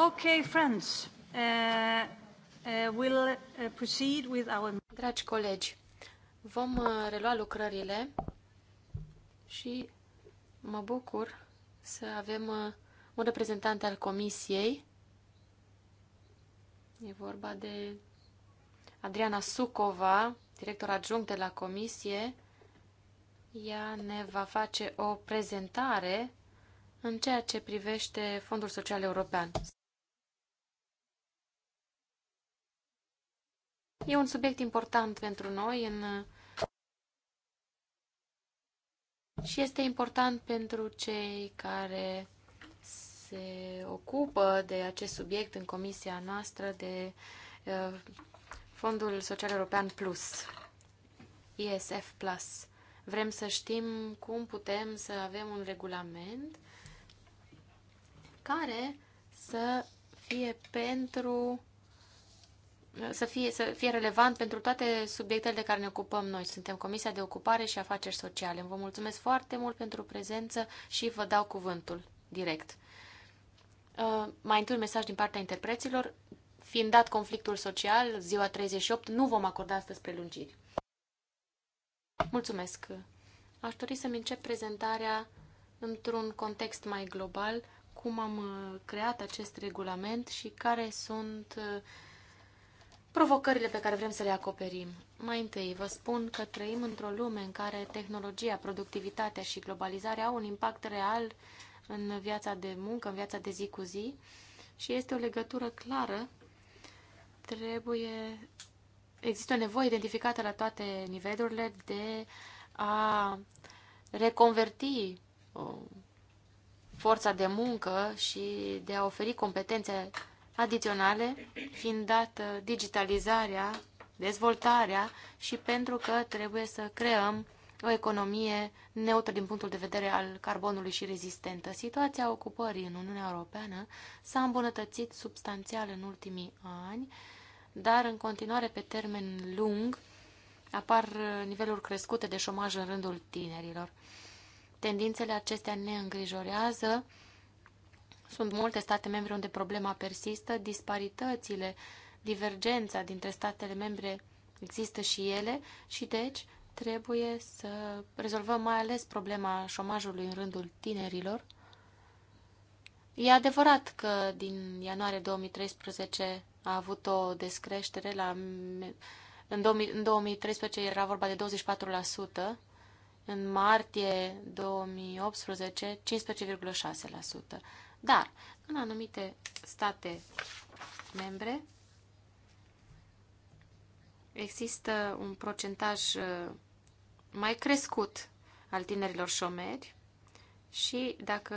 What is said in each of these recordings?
Okay, friends. Uh, uh, we'll uh, proceed with our... Dragi colegi, vom uh, relua lucrările și mă bucur să avem uh, un reprezentant al comisiei. E vorba de Adriana Sucova, director adjunct de la comisie. Ea ne va face o prezentare în ceea ce privește Fondul Social European. E un subiect important pentru noi în... și este important pentru cei care se ocupă de acest subiect în comisia noastră de uh, Fondul Social European Plus, ESF Plus. Vrem să știm cum putem să avem un regulament care să fie pentru să fie, să fie relevant pentru toate subiectele de care ne ocupăm noi. Suntem Comisia de Ocupare și Afaceri Sociale. Vă mulțumesc foarte mult pentru prezență și vă dau cuvântul direct. Uh, mai întâi un mesaj din partea interpreților. Fiind dat conflictul social, ziua 38, nu vom acorda astăzi prelungiri. Mulțumesc! Aș dori să-mi încep prezentarea într-un context mai global, cum am uh, creat acest regulament și care sunt uh, provocările pe care vrem să le acoperim. Mai întâi, vă spun că trăim într-o lume în care tehnologia, productivitatea și globalizarea au un impact real în viața de muncă, în viața de zi cu zi și este o legătură clară. Trebuie, există o nevoie identificată la toate nivelurile de a reconverti uh, forța de muncă și de a oferi competențe adiționale, fiind dată digitalizarea, dezvoltarea și pentru că trebuie să creăm o economie neutră din punctul de vedere al carbonului și rezistentă. Situația ocupării în Uniunea Europeană s-a îmbunătățit substanțial în ultimii ani, dar în continuare pe termen lung apar niveluri crescute de șomaj în rândul tinerilor. Tendințele acestea ne îngrijorează sunt multe state membre unde problema persistă, disparitățile, divergența dintre statele membre există și ele și deci trebuie să rezolvăm mai ales problema șomajului în rândul tinerilor. E adevărat că din ianuarie 2013 a avut o descreștere la... În, 2013 era vorba de 24%, în martie 2018 15,6%. Dar în anumite state membre există un procentaj uh, mai crescut al tinerilor șomeri și dacă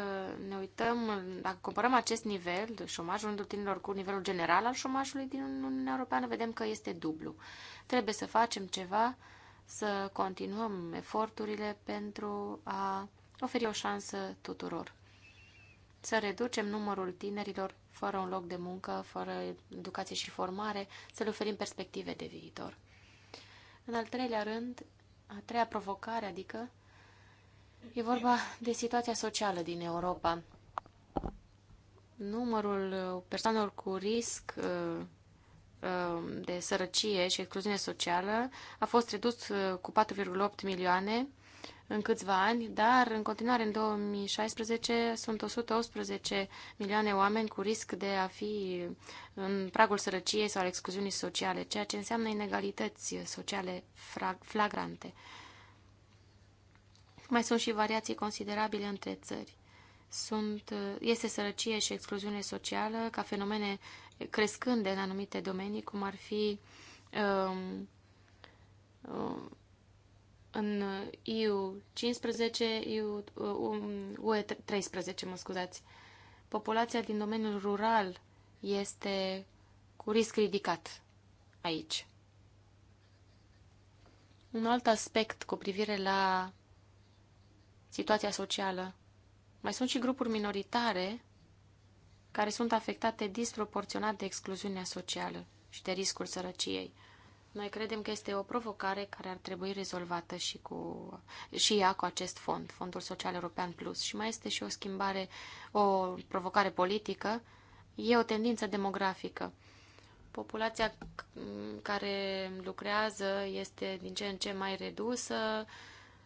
ne uităm, dacă comparăm acest nivel, șomaj rândul tinerilor, cu nivelul general al șomajului din Uniunea Europeană, vedem că este dublu. Trebuie să facem ceva, să continuăm eforturile pentru a oferi o șansă tuturor să reducem numărul tinerilor fără un loc de muncă, fără educație și formare, să le oferim perspective de viitor. În al treilea rând, a treia provocare, adică, e vorba de situația socială din Europa. Numărul persoanelor cu risc uh, uh, de sărăcie și excluziune socială a fost redus uh, cu 4,8 milioane în câțiva ani, dar în continuare în 2016 sunt 118 milioane oameni cu risc de a fi în pragul sărăciei sau al excluziunii sociale, ceea ce înseamnă inegalități sociale flagrante. Mai sunt și variații considerabile între țări. Sunt, este sărăcie și excluziune socială ca fenomene crescânde în anumite domenii, cum ar fi um, um, în IU 15, EU, UE 13, mă scuzați. Populația din domeniul rural este cu risc ridicat aici. Un alt aspect cu privire la situația socială. Mai sunt și grupuri minoritare care sunt afectate disproporționat de excluziunea socială și de riscul sărăciei. Noi credem că este o provocare care ar trebui rezolvată și, cu, și ea cu acest fond, Fondul Social European Plus. Și mai este și o schimbare, o provocare politică. E o tendință demografică. Populația care lucrează este din ce în ce mai redusă,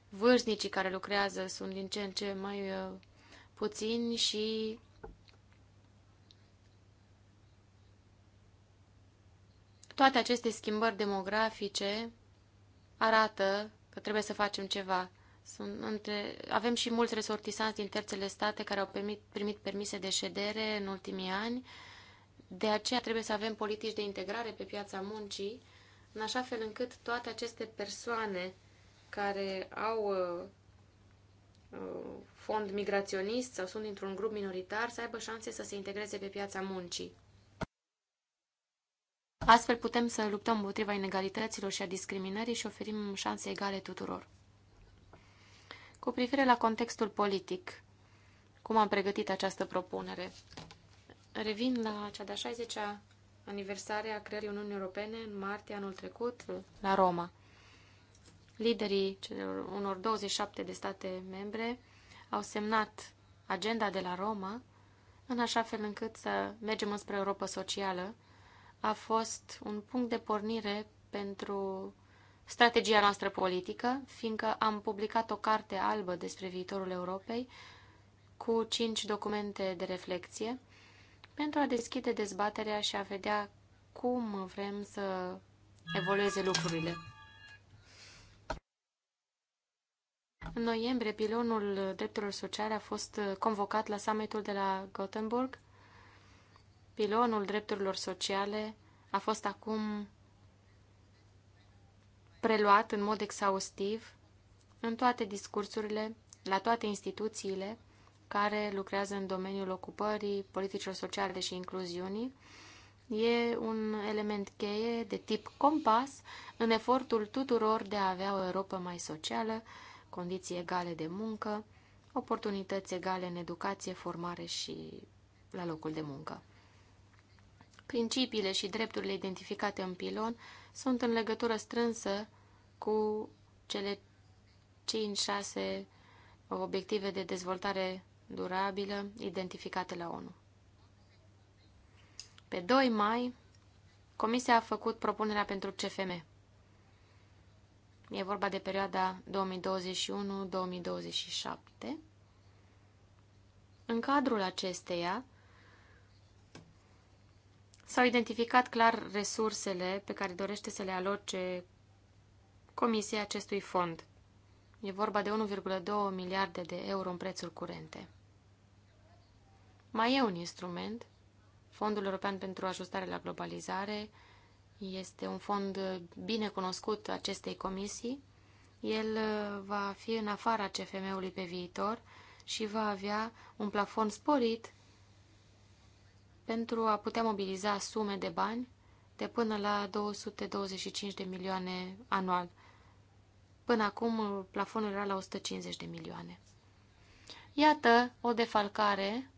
vârstnicii care lucrează sunt din ce în ce mai uh, puțini și Toate aceste schimbări demografice arată că trebuie să facem ceva. Sunt între... Avem și mulți resortisanți din terțele state care au primit, primit permise de ședere în ultimii ani. De aceea trebuie să avem politici de integrare pe piața muncii, în așa fel încât toate aceste persoane care au uh, uh, fond migraționist sau sunt într un grup minoritar să aibă șanse să se integreze pe piața muncii. Astfel putem să luptăm împotriva inegalităților și a discriminării și oferim șanse egale tuturor. Cu privire la contextul politic, cum am pregătit această propunere? Revin la cea de-a 60-a aniversare a creării Uniunii Europene în martie anul trecut la Roma. Liderii celor unor 27 de state membre au semnat agenda de la Roma în așa fel încât să mergem înspre Europa socială, a fost un punct de pornire pentru strategia noastră politică, fiindcă am publicat o carte albă despre viitorul Europei cu cinci documente de reflexie pentru a deschide dezbaterea și a vedea cum vrem să evolueze lucrurile. În noiembrie, pilonul drepturilor sociale a fost convocat la summitul de la Gothenburg pilonul drepturilor sociale a fost acum preluat în mod exhaustiv în toate discursurile, la toate instituțiile care lucrează în domeniul ocupării, politicilor sociale și incluziunii. E un element cheie de tip compas în efortul tuturor de a avea o Europa mai socială, condiții egale de muncă, oportunități egale în educație, formare și la locul de muncă principiile și drepturile identificate în pilon sunt în legătură strânsă cu cele 5-6 obiective de dezvoltare durabilă identificate la ONU. Pe 2 mai, Comisia a făcut propunerea pentru CFM. E vorba de perioada 2021-2027. În cadrul acesteia, S-au identificat clar resursele pe care dorește să le aloce Comisia acestui fond. E vorba de 1,2 miliarde de euro în prețuri curente. Mai e un instrument, Fondul European pentru Ajustare la Globalizare, este un fond bine cunoscut acestei comisii. El uh, va fi în afara CFM-ului pe viitor și va avea un plafon sporit pentru a putea mobiliza sume de bani de până la 225 de milioane anual. Până acum, plafonul era la 150 de milioane. Iată o defalcare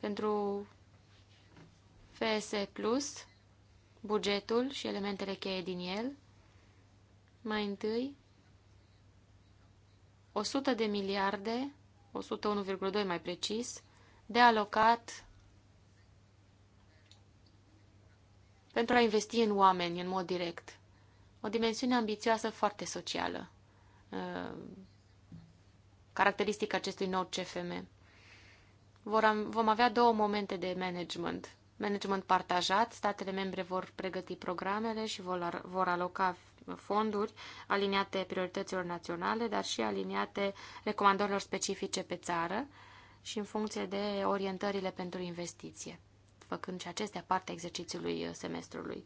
pentru FS Plus, bugetul și elementele cheie din el. Mai întâi, 100 de miliarde, 101,2 mai precis, de alocat pentru a investi în oameni în mod direct. O dimensiune ambițioasă foarte socială, uh, caracteristică acestui nou CFM. Vor, vom avea două momente de management. Management partajat, statele membre vor pregăti programele și vor, vor aloca fonduri aliniate priorităților naționale, dar și aliniate recomandărilor specifice pe țară și în funcție de orientările pentru investiție, făcând și acestea parte exercițiului uh, semestrului.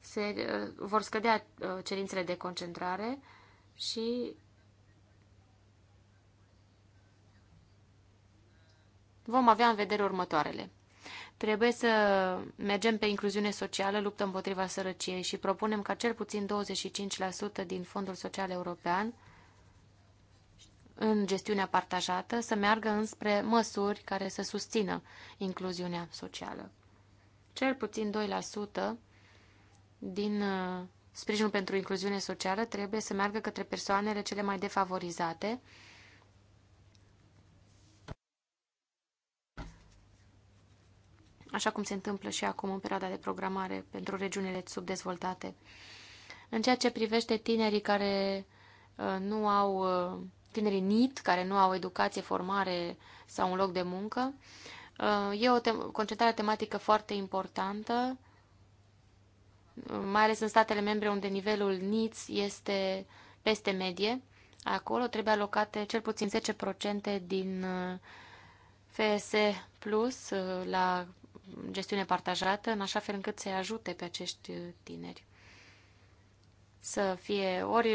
Se uh, vor scădea uh, cerințele de concentrare și vom avea în vedere următoarele. Trebuie să mergem pe incluziune socială, luptă împotriva sărăciei și propunem ca cel puțin 25% din Fondul Social European în gestiunea partajată să meargă înspre măsuri care să susțină incluziunea socială. Cel puțin 2% din uh, sprijinul pentru incluziune socială trebuie să meargă către persoanele cele mai defavorizate, așa cum se întâmplă și acum în perioada de programare pentru regiunile subdezvoltate. În ceea ce privește tinerii care uh, nu au uh, tinerii NIT, care nu au educație, formare sau un loc de muncă. Uh, e o te concentrare tematică foarte importantă, uh, mai ales în statele membre unde nivelul NITS este peste medie. Acolo trebuie alocate cel puțin 10% din uh, FS Plus la gestiune partajată, în așa fel încât să-i ajute pe acești tineri să fie ori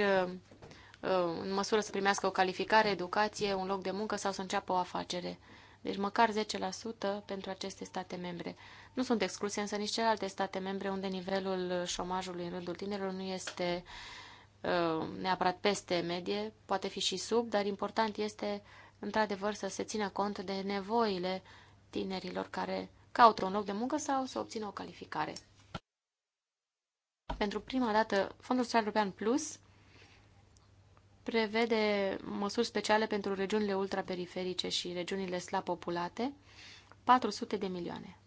Uh, în măsură să primească o calificare, educație, un loc de muncă sau să înceapă o afacere. Deci măcar 10% pentru aceste state membre. Nu sunt excluse însă nici celelalte state membre unde nivelul șomajului în rândul tinerilor nu este uh, neapărat peste medie, poate fi și sub, dar important este într-adevăr să se țină cont de nevoile tinerilor care caută un loc de muncă sau să obțină o calificare. Pentru prima dată, Fondul Social European Plus prevede măsuri speciale pentru regiunile ultraperiferice și regiunile slab populate, 400 de milioane.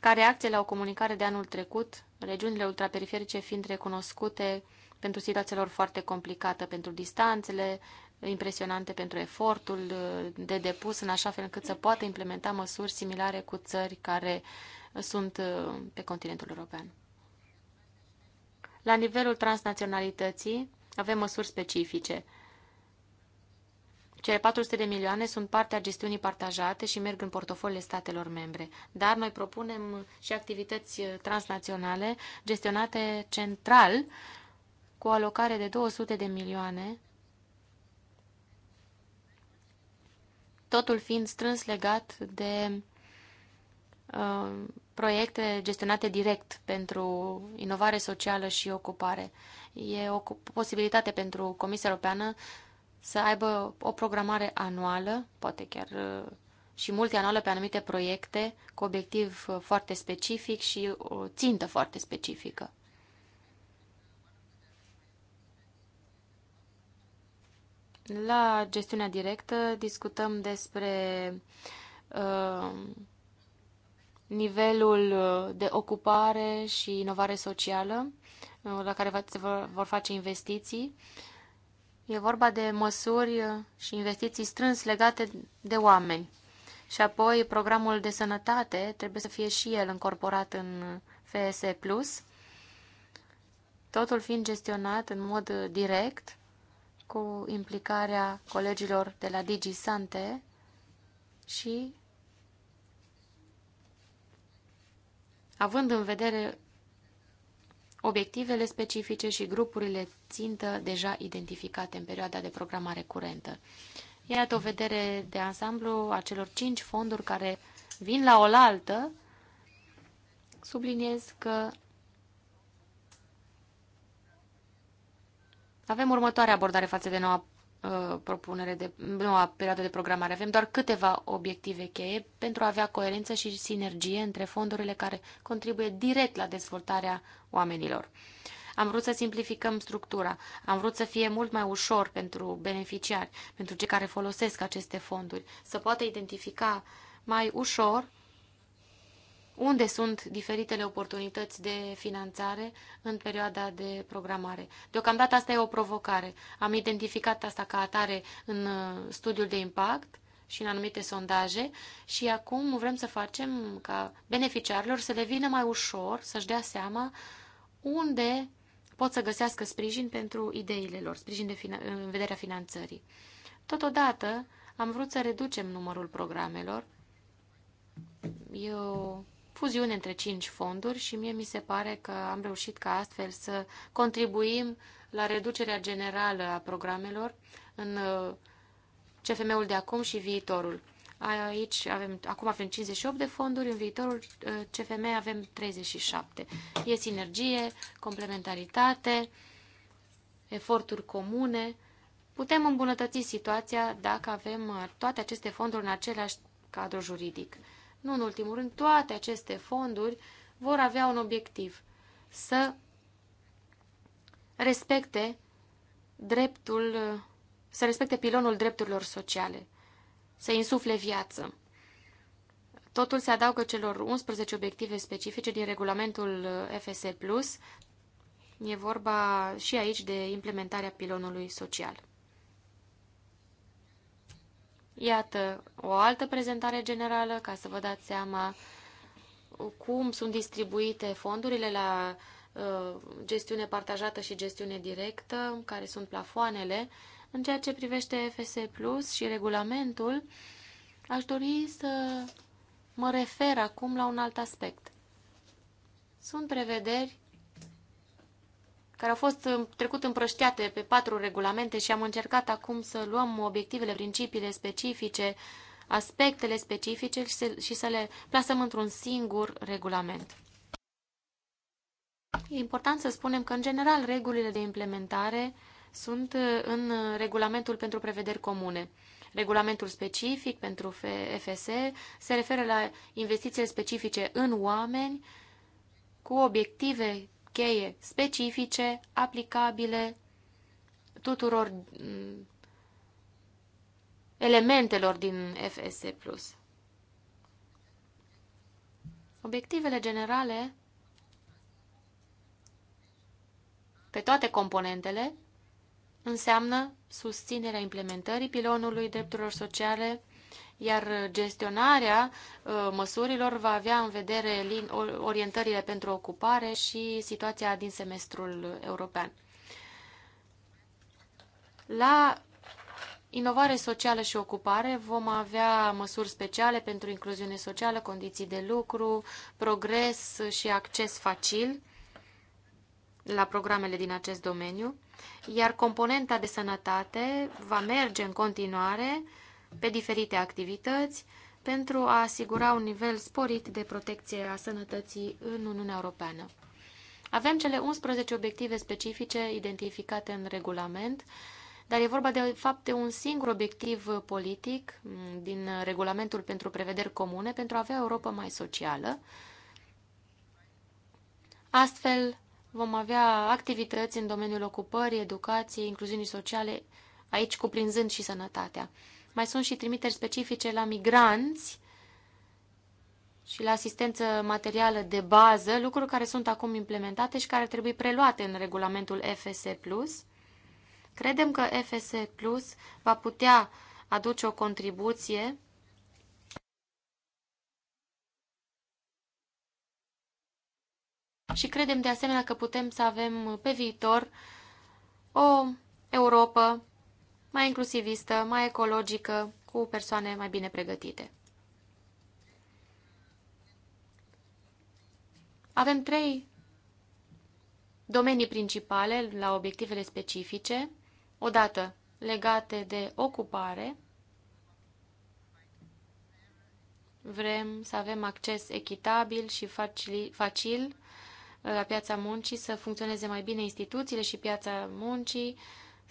Ca reacție la o comunicare de anul trecut, regiunile ultraperiferice fiind recunoscute pentru situația lor foarte complicată, pentru distanțele impresionante, pentru efortul de depus în așa fel încât să poată implementa măsuri similare cu țări care sunt pe continentul european. La nivelul transnaționalității avem măsuri specifice. Cele 400 de milioane sunt parte a gestiunii partajate și merg în portofoliile statelor membre, dar noi propunem și activități uh, transnaționale gestionate central cu o alocare de 200 de milioane, totul fiind strâns legat de uh, proiecte gestionate direct pentru inovare socială și ocupare. E o posibilitate pentru Comisia Europeană să aibă o programare anuală, poate chiar uh, și multianuală pe anumite proiecte cu obiectiv uh, foarte specific și o țintă foarte specifică. La gestiunea directă discutăm despre uh, nivelul uh, de ocupare și inovare socială uh, la care se vor face investiții. E vorba de măsuri uh, și investiții strâns legate de oameni. Și apoi programul de sănătate trebuie să fie și el încorporat în FSE+, totul fiind gestionat în mod direct cu implicarea colegilor de la DigiSante și având în vedere obiectivele specifice și grupurile țintă deja identificate în perioada de programare curentă. Iată o vedere de ansamblu a celor cinci fonduri care vin la oaltă. Subliniez că avem următoarea abordare față de noua uh, propunere de noua perioadă de programare. Avem doar câteva obiective cheie pentru a avea coerență și sinergie între fondurile care contribuie direct la dezvoltarea oamenilor. Am vrut să simplificăm structura, am vrut să fie mult mai ușor pentru beneficiari, pentru cei care folosesc aceste fonduri, să poată identifica mai ușor unde sunt diferitele oportunități de finanțare în perioada de programare. Deocamdată asta e o provocare. Am identificat asta ca atare în uh, studiul de impact și în anumite sondaje și acum vrem să facem ca beneficiarilor să le vină mai ușor să-și dea seama unde pot să găsească sprijin pentru ideile lor, sprijin de în vederea finanțării. Totodată, am vrut să reducem numărul programelor. Eu fuziune între cinci fonduri și mie mi se pare că am reușit ca astfel să contribuim la reducerea generală a programelor în uh, CFM-ul de acum și viitorul. Aici avem, acum avem 58 de fonduri, în viitorul uh, CFM avem 37. E sinergie, complementaritate, eforturi comune. Putem îmbunătăți situația dacă avem uh, toate aceste fonduri în același cadru juridic. Nu în ultimul rând, toate aceste fonduri vor avea un obiectiv, să respecte dreptul, să respecte pilonul drepturilor sociale, să insufle viață. Totul se adaugă celor 11 obiective specifice din regulamentul FS+. E vorba și aici de implementarea pilonului social. Iată o altă prezentare generală ca să vă dați seama cum sunt distribuite fondurile la uh, gestiune partajată și gestiune directă, care sunt plafoanele. În ceea ce privește FS Plus și regulamentul, aș dori să mă refer acum la un alt aspect. Sunt prevederi care au fost trecut împrăștiate pe patru regulamente și am încercat acum să luăm obiectivele, principiile specifice, aspectele specifice și să le plasăm într-un singur regulament. E important să spunem că, în general, regulile de implementare sunt uh, în uh, regulamentul pentru prevederi comune. Regulamentul specific pentru FS se referă la investițiile specifice în oameni cu obiective cheie specifice, aplicabile tuturor mm, elementelor din FSC+. Obiectivele generale pe toate componentele înseamnă susținerea implementării pilonului drepturilor sociale, iar gestionarea uh, măsurilor va avea în vedere orientările pentru ocupare și situația din semestrul european. La inovare socială și ocupare vom avea măsuri speciale pentru incluziune socială, condiții de lucru, progres și acces facil la programele din acest domeniu, iar componenta de sănătate va merge în continuare pe diferite activități pentru a asigura un nivel sporit de protecție a sănătății în Uniunea Europeană. Avem cele 11 obiective specifice identificate în regulament, dar e vorba de fapt de un singur obiectiv politic mm, din regulamentul pentru prevederi comune pentru a avea Europa mai socială. Astfel, vom avea activități în domeniul ocupării, educației, incluziunii sociale, aici cuprinzând și sănătatea. Mai sunt și trimiteri specifice la migranți și la asistență materială de bază, lucruri care sunt acum implementate și care trebuie preluate în regulamentul FS+. Credem că FS Plus va putea aduce o contribuție și credem de asemenea că putem să avem pe viitor o Europa mai inclusivistă, mai ecologică, cu persoane mai bine pregătite. Avem trei domenii principale la obiectivele specifice, odată legate de ocupare, vrem să avem acces echitabil și facil, facil uh, la piața muncii, să funcționeze mai bine instituțiile și piața muncii,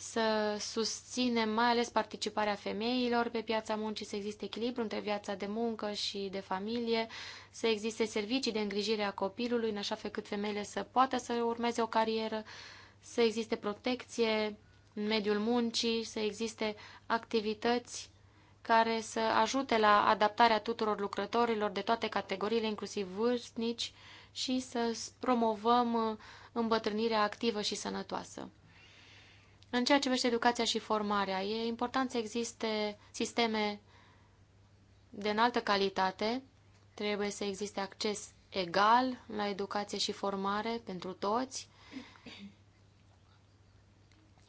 să susținem mai ales participarea femeilor pe piața muncii, să existe echilibru între viața de muncă și de familie, să existe servicii de îngrijire a copilului, în așa fel cât femeile să poată să urmeze o carieră, să existe protecție în mediul muncii, să existe activități care să ajute la adaptarea tuturor lucrătorilor de toate categoriile, inclusiv vârstnici, și să promovăm uh, îmbătrânirea activă și sănătoasă. În ceea ce privește educația și formarea, e important să existe sisteme de înaltă calitate, trebuie să existe acces egal la educație și formare pentru toți.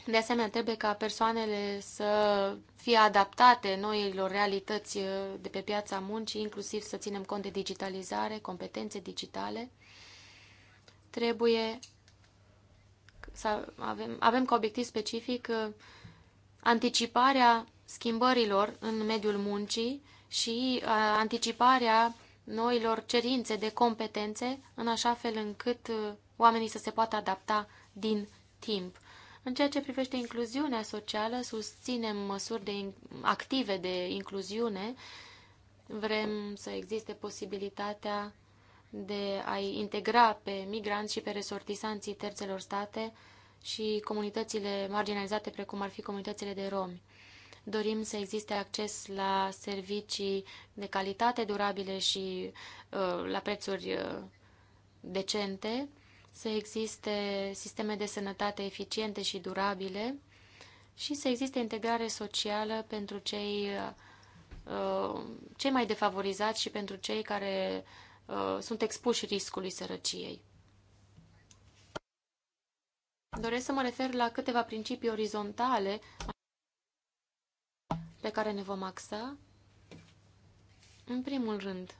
De asemenea, trebuie ca persoanele să fie adaptate noilor realități uh, de pe piața muncii, inclusiv să ținem cont de digitalizare, competențe digitale. Trebuie să avem, avem ca obiectiv specific uh, anticiparea schimbărilor în mediul muncii și uh, anticiparea noilor cerințe de competențe în așa fel încât uh, oamenii să se poată adapta din timp. În ceea ce privește incluziunea socială, susținem măsuri de active de incluziune. Vrem să existe posibilitatea de a-i integra pe migranți și pe resortisanții terțelor state și comunitățile marginalizate, precum ar fi comunitățile de romi. Dorim să existe acces la servicii de calitate durabile și uh, la prețuri uh, decente, să existe sisteme de sănătate eficiente și durabile și să existe integrare socială pentru cei, uh, cei mai defavorizați și pentru cei care uh, Uh, sunt expuși riscului sărăciei. Doresc să mă refer la câteva principii orizontale pe care ne vom axa. În primul rând,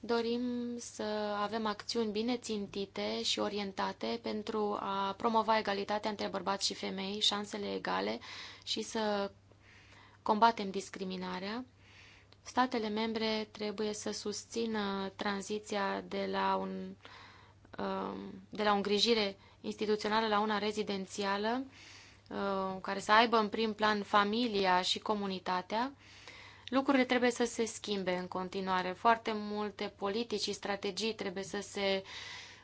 dorim să avem acțiuni bine țintite și orientate pentru a promova egalitatea între bărbați și femei, șansele egale și să combatem discriminarea statele membre trebuie să susțină tranziția de la, un, um, de la o îngrijire instituțională la una rezidențială, um, care să aibă în prim plan familia și comunitatea, lucrurile trebuie să se schimbe în continuare. Foarte multe politici și strategii trebuie să se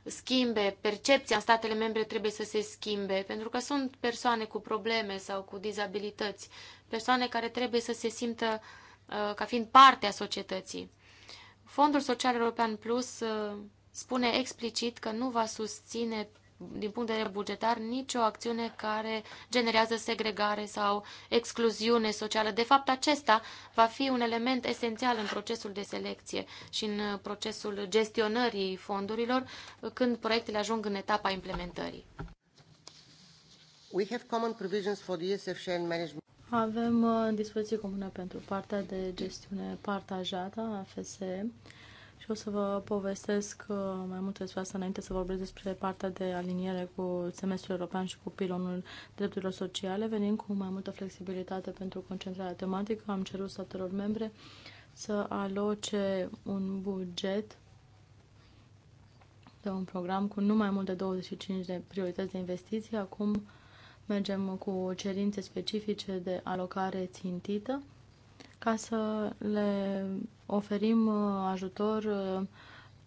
schimbe, percepția în statele membre trebuie să se schimbe, pentru că sunt persoane cu probleme sau cu dizabilități, persoane care trebuie să se simtă uh, Uh, ca fiind parte a societății. Fondul Social European Plus uh, spune explicit că nu va susține din punct de vedere bugetar nicio acțiune care generează segregare sau excluziune socială. De fapt, acesta va fi un element esențial în procesul de selecție și în uh, procesul gestionării fondurilor când proiectele ajung în etapa implementării. We have common provisions for the ESF management. Avem uh, dispoziție comune pentru partea de gestiune partajată a FSE și o să vă povestesc uh, mai multe despre asta înainte să vorbesc despre partea de aliniere cu semestrul european și cu pilonul drepturilor sociale. Venim cu mai multă flexibilitate pentru concentrarea tematică. Am cerut statelor membre să aloce un buget de un program cu nu mai mult de 25 de priorități de investiții. Acum mergem cu cerințe specifice de alocare țintită ca să le oferim uh, ajutor uh,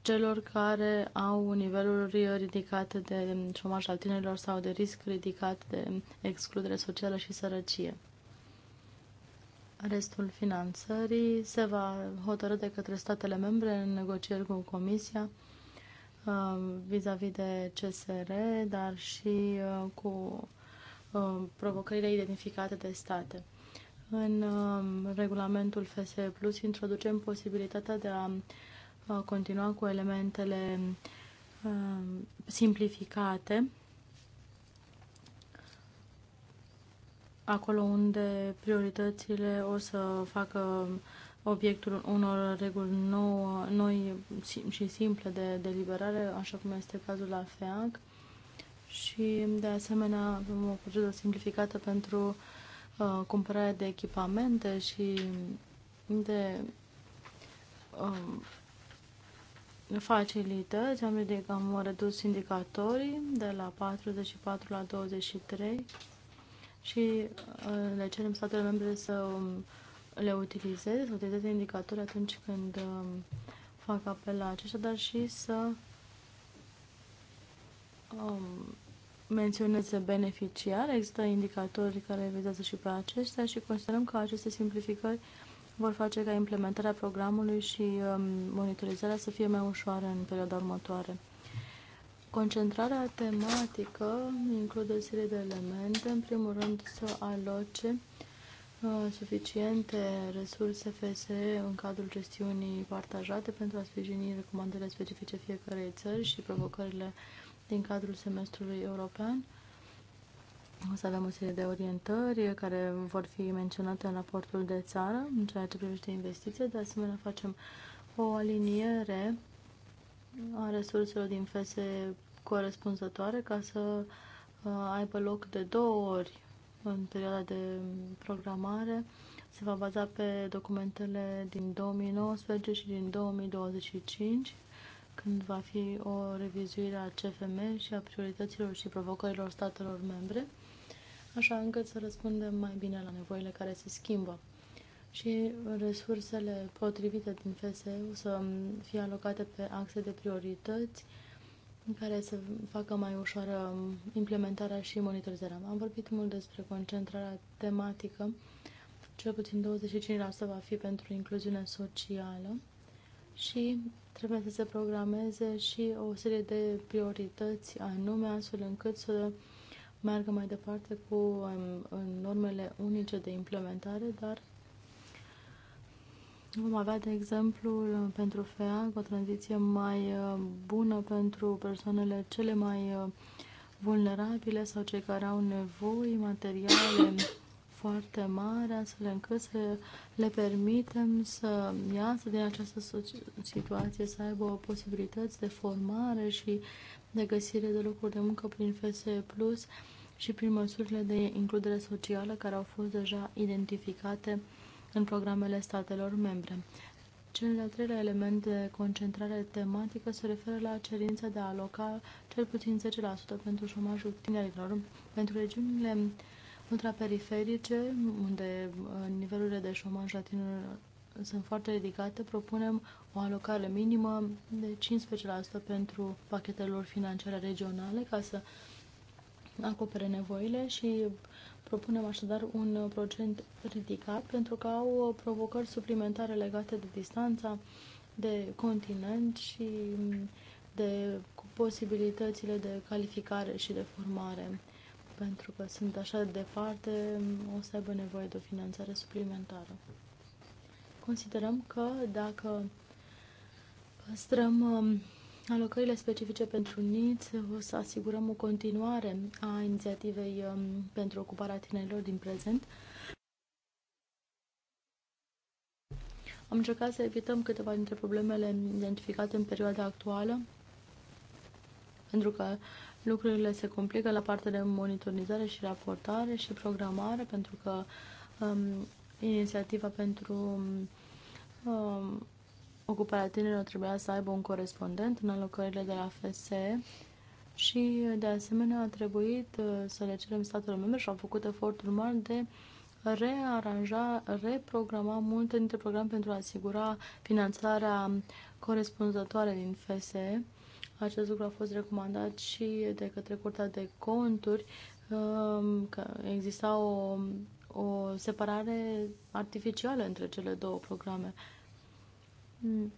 celor care au niveluri ridicate de șomaj al tinerilor sau de risc ridicat de excludere socială și sărăcie. Restul finanțării se va hotărâ de către statele membre în negocieri cu Comisia uh, vis-a-vis -vis de CSR, dar și cu Um, provocările identificate de state. În um, regulamentul FSE Plus introducem posibilitatea de a uh, continua cu elementele um, simplificate acolo unde prioritățile o să facă obiectul unor reguli nou, noi și simple de deliberare, așa cum este cazul la FEAC și, de asemenea, avem o procedură simplificată pentru uh, cumpărarea de echipamente și de uh, facilități. Am ridicat, am redus indicatorii de la 44 la 23 și uh, le cerem statele membre să um, le utilizeze, să utilizeze indicatorii atunci când uh, fac apel la aceștia, dar și să um, menționeze beneficiar. Există indicatori care vizează și pe acestea și considerăm că aceste simplificări vor face ca implementarea programului și um, monitorizarea să fie mai ușoară în perioada următoare. Concentrarea tematică include o serie de elemente. În primul rând, să aloce uh, suficiente resurse FSE în cadrul gestiunii partajate pentru a sprijini recomandările specifice fiecarei țări și provocările uh, din cadrul semestrului european. O să avem o serie de orientări care vor fi menționate în raportul de țară în ceea ce privește investiții. De asemenea, facem o aliniere a resurselor din fese corespunzătoare ca să uh, aibă loc de două ori în perioada de programare. Se va baza pe documentele din 2019 și din 2025 când va fi o revizuire a CFM și a priorităților și provocărilor statelor membre, așa încât să răspundem mai bine la nevoile care se schimbă. Și resursele potrivite din FSE să fie alocate pe axe de priorități în care să facă mai ușoară implementarea și monitorizarea. Am vorbit mult despre concentrarea tematică, cel puțin 25% va fi pentru incluziune socială, și trebuie să se programeze și o serie de priorități anume, astfel încât să meargă mai departe cu um, normele unice de implementare, dar vom avea, de exemplu, pentru fea o tranziție mai uh, bună pentru persoanele cele mai uh, vulnerabile sau cei care au nevoi materiale foarte mare, astfel încât să le permitem să iasă din această situație, să aibă posibilități de formare și de găsire de locuri de muncă prin FSE Plus și prin măsurile de includere socială care au fost deja identificate în programele statelor membre. Cel de-al treilea element de concentrare tematică se referă la cerința de a aloca cel puțin 10% pentru șomajul tinerilor. Pentru regiunile ultraperiferice, unde uh, nivelurile de șomaj la tineri uh, sunt foarte ridicate, propunem o alocare minimă de 15% pentru pachetelor financiare regionale ca să acopere nevoile și propunem așadar un procent ridicat pentru că au uh, provocări suplimentare legate de distanța, de continent și mm, de posibilitățile de calificare și de formare pentru că sunt așa de departe, o să aibă nevoie de o finanțare suplimentară. Considerăm că dacă păstrăm um, alocările specifice pentru NIT, o să asigurăm o continuare a inițiativei um, pentru ocuparea tinerilor din prezent. Am încercat să evităm câteva dintre problemele identificate în perioada actuală, pentru că lucrurile se complică la partea de monitorizare și raportare și programare, pentru că um, inițiativa pentru um, ocuparea tinerilor trebuia să aibă un corespondent în alocările de la FSE și, de asemenea, a trebuit uh, să le cerem statelor membre și au făcut eforturi mari de rearanja, reprograma multe dintre programe pentru a asigura finanțarea corespunzătoare din FSE acest lucru a fost recomandat și de către Curtea de Conturi, um, că exista o, o separare artificială între cele două programe. Mm.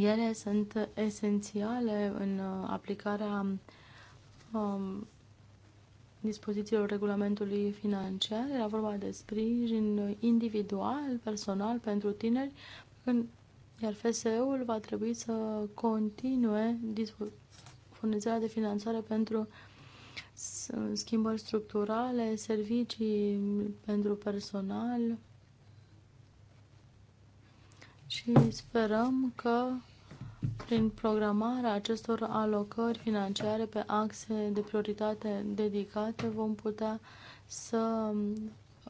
Ele sunt esențiale în uh, aplicarea um, dispozițiilor regulamentului financiar. Era vorba de sprijin individual, personal pentru tineri, când iar FSE-ul va trebui să continue furnizarea de finanțare pentru schimbări structurale, servicii pentru personal și sperăm că prin programarea acestor alocări financiare pe axe de prioritate dedicate vom putea să um,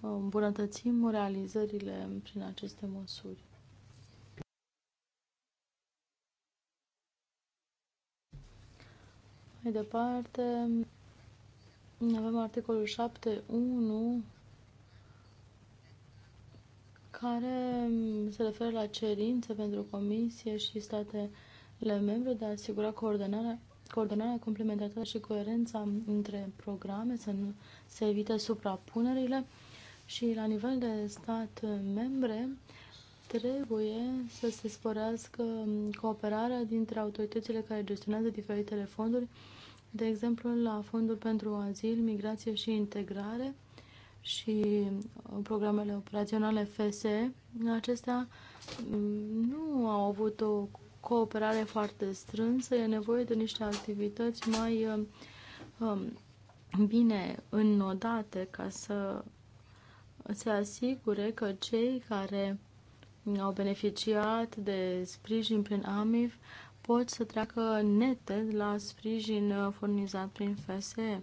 îmbunătățim realizările prin aceste măsuri. Mai departe, avem articolul 7.1 care se referă la cerințe pentru Comisie și statele membre de a asigura coordonarea coordonarea, complementară și coerența între programe, să nu se evite suprapunerile și la nivel de stat membre Trebuie să se sporească cooperarea dintre autoritățile care gestionează diferitele fonduri, de exemplu la Fondul pentru Azil, Migrație și Integrare și uh, programele operaționale FSE. Acestea mm, nu au avut o cooperare foarte strânsă, e nevoie de niște activități mai uh, um, bine înnodate ca să se asigure că cei care au beneficiat de sprijin prin AMIF pot să treacă nete la sprijin furnizat prin FSE.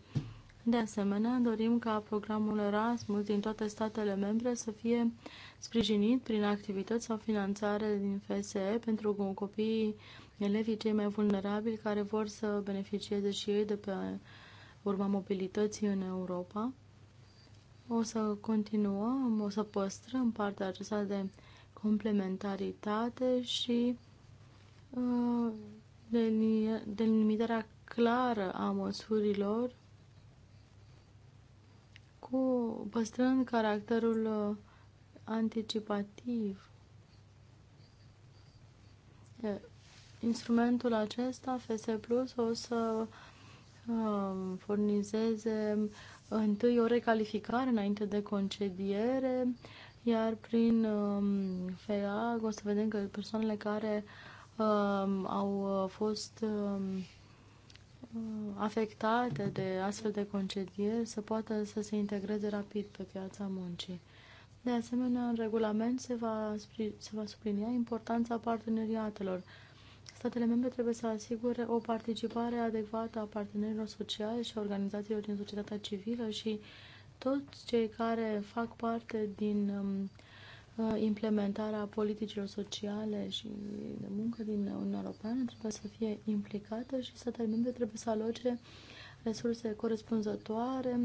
De asemenea, dorim ca programul Erasmus din toate statele membre să fie sprijinit prin activități sau finanțare din FSE pentru copiii elevii cei mai vulnerabili care vor să beneficieze și ei de pe urma mobilității în Europa. O să continuăm, o să păstrăm partea aceasta de complementaritate și uh, delimitarea clară a măsurilor cu păstrând caracterul uh, anticipativ. Instrumentul acesta, FS Plus, o să uh, furnizeze uh, întâi o recalificare înainte de concediere, uh, iar prin um, FEAG o să vedem că persoanele care um, au fost um, afectate de astfel de concedieri să poată să se integreze rapid pe piața muncii. De asemenea, în regulament se va, se va sublinia importanța parteneriatelor. Statele membre trebuie să asigure o participare adecvată a partenerilor sociale și a organizațiilor din societatea civilă și uh, toți cei care fac parte din um, uh, implementarea politicilor sociale și de muncă din Uniunea Europeană trebuie să fie implicată și să membre trebuie să aloce resurse corespunzătoare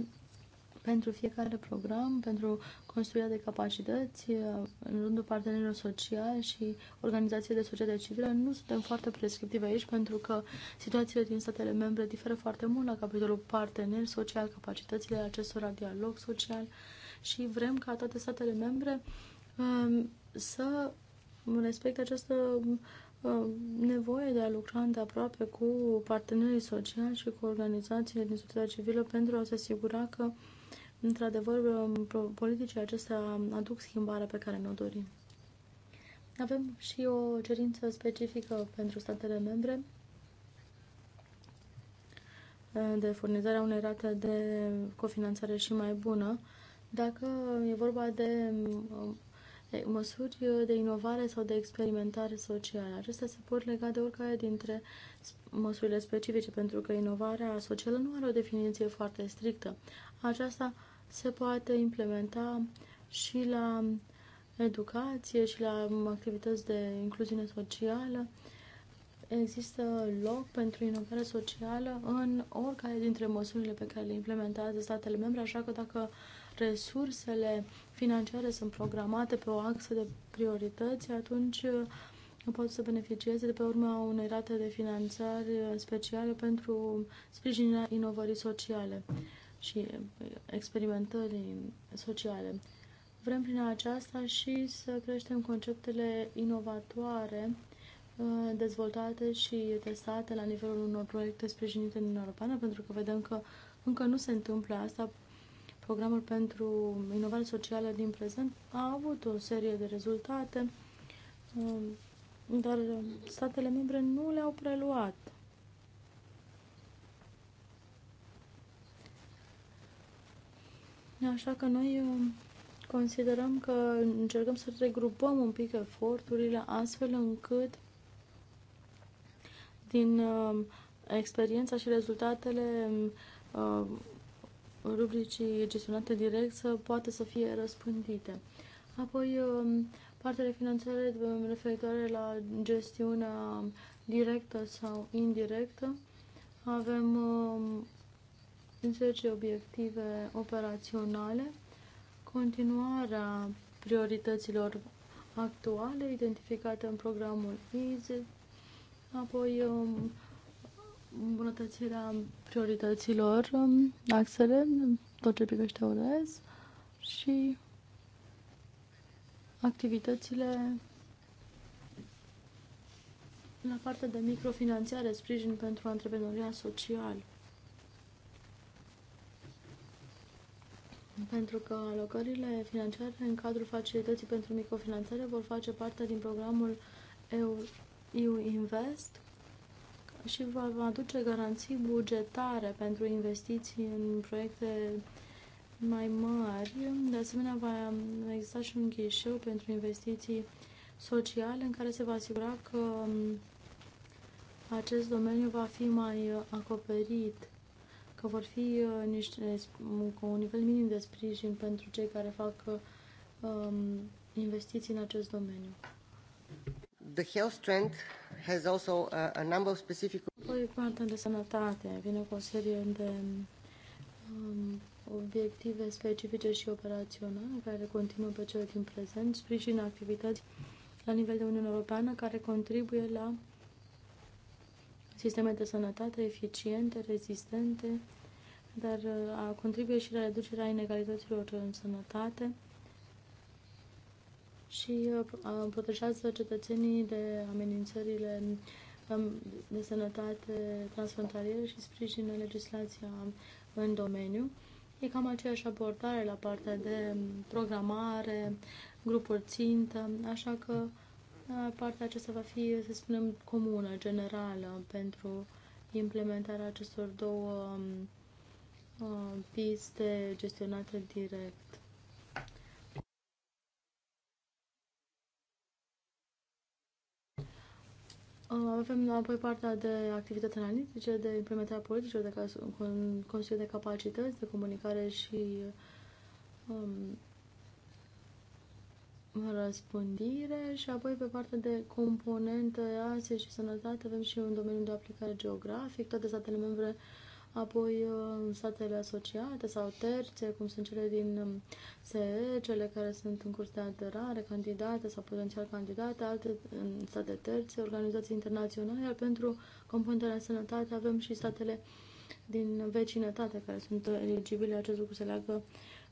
pentru fiecare program, pentru construirea de capacități uh, în rândul partenerilor sociali și organizații de societate civilă. Nu suntem foarte prescriptive aici pentru că situațiile din statele membre diferă foarte mult la capitolul partener social, capacitățile acestora, dialog social și vrem ca toate statele membre um, să respecte această um, nevoie de a lucra îndeaproape cu partenerii sociali și cu organizațiile din societatea civilă pentru a se asigura că Într-adevăr, um, politicile acestea aduc schimbarea pe care ne-o dorim. Avem și o cerință specifică pentru statele membre uh, de furnizarea unei rate de cofinanțare și mai bună, dacă e vorba um, de măsuri de inovare sau de experimentare socială. Acestea se pot lega de oricare dintre măsurile specifice, pentru că inovarea socială nu are o definiție foarte strictă. Aceasta se poate implementa și la educație și la activități de incluziune socială. Există loc pentru inovare socială în oricare dintre măsurile pe care le implementează statele membre, așa că dacă resursele financiare sunt programate pe o axă de priorități, atunci uh, pot să beneficieze de pe urma unei rate de finanțare speciale pentru sprijinirea inovării sociale și păi, experimentării sociale. Vrem prin aceasta și să creștem conceptele inovatoare uh, dezvoltate și testate la nivelul unor proiecte sprijinite în Uniunea Europeană, pentru că vedem că încă nu se întâmplă asta. Programul pentru inovare socială din prezent a avut o serie de rezultate, uh, dar statele membre nu le-au preluat Așa că noi uh, considerăm că încercăm să regrupăm un pic eforturile astfel încât din uh, experiența și rezultatele uh, rubricii gestionate direct să poată să fie răspândite. Apoi, partea de finanțare referitoare la gestiunea directă sau indirectă, avem încerce obiective operaționale, continuarea priorităților actuale identificate în programul EASY, apoi um, îmbunătățirea priorităților, um, axele, tot ce privește ORS și activitățile la partea de microfinanțare, sprijin pentru antreprenoria socială. pentru că alocările financiare în cadrul facilității pentru microfinanțare vor face parte din programul EU, EU Invest și va aduce garanții bugetare pentru investiții în proiecte mai mari. De asemenea, va exista și un ghișeu pentru investiții sociale în care se va asigura că um, acest domeniu va fi mai acoperit că vor fi uh, niște, cu un nivel minim de sprijin pentru cei care fac uh, um, investiții în acest domeniu. The health trend has also a, a number of specific... Apoi partea de sănătate vine cu o serie de um, obiective specifice și operaționale care continuă pe cele din prezent, sprijin activități la nivel de Uniune Europeană care contribuie la sisteme de sănătate eficiente, rezistente, dar uh, a contribuie și la reducerea inegalităților în sănătate și uh, uh, protejează cetățenii de amenințările um, de sănătate transfrontalieră și sprijină legislația în domeniu. E cam aceeași abordare la partea de programare, grupuri țintă, așa că Uh, partea aceasta va fi, să spunem, comună, generală, pentru implementarea acestor două um, uh, piste gestionate direct. Uh, avem apoi partea de activități analitice, de implementarea politicilor, de consiliu de capacități, de comunicare și um, răspândire și apoi pe partea de componentă Asia și sănătate avem și un domeniu de aplicare geografic, toate statele membre, apoi uh, statele asociate sau terțe, cum sunt cele din um, SE, cele care sunt în curs de aderare, candidate sau potențial candidate, alte state terțe, organizații internaționale, iar pentru componentele sănătate avem și statele din vecinătate care sunt eligibile, acest lucru se leagă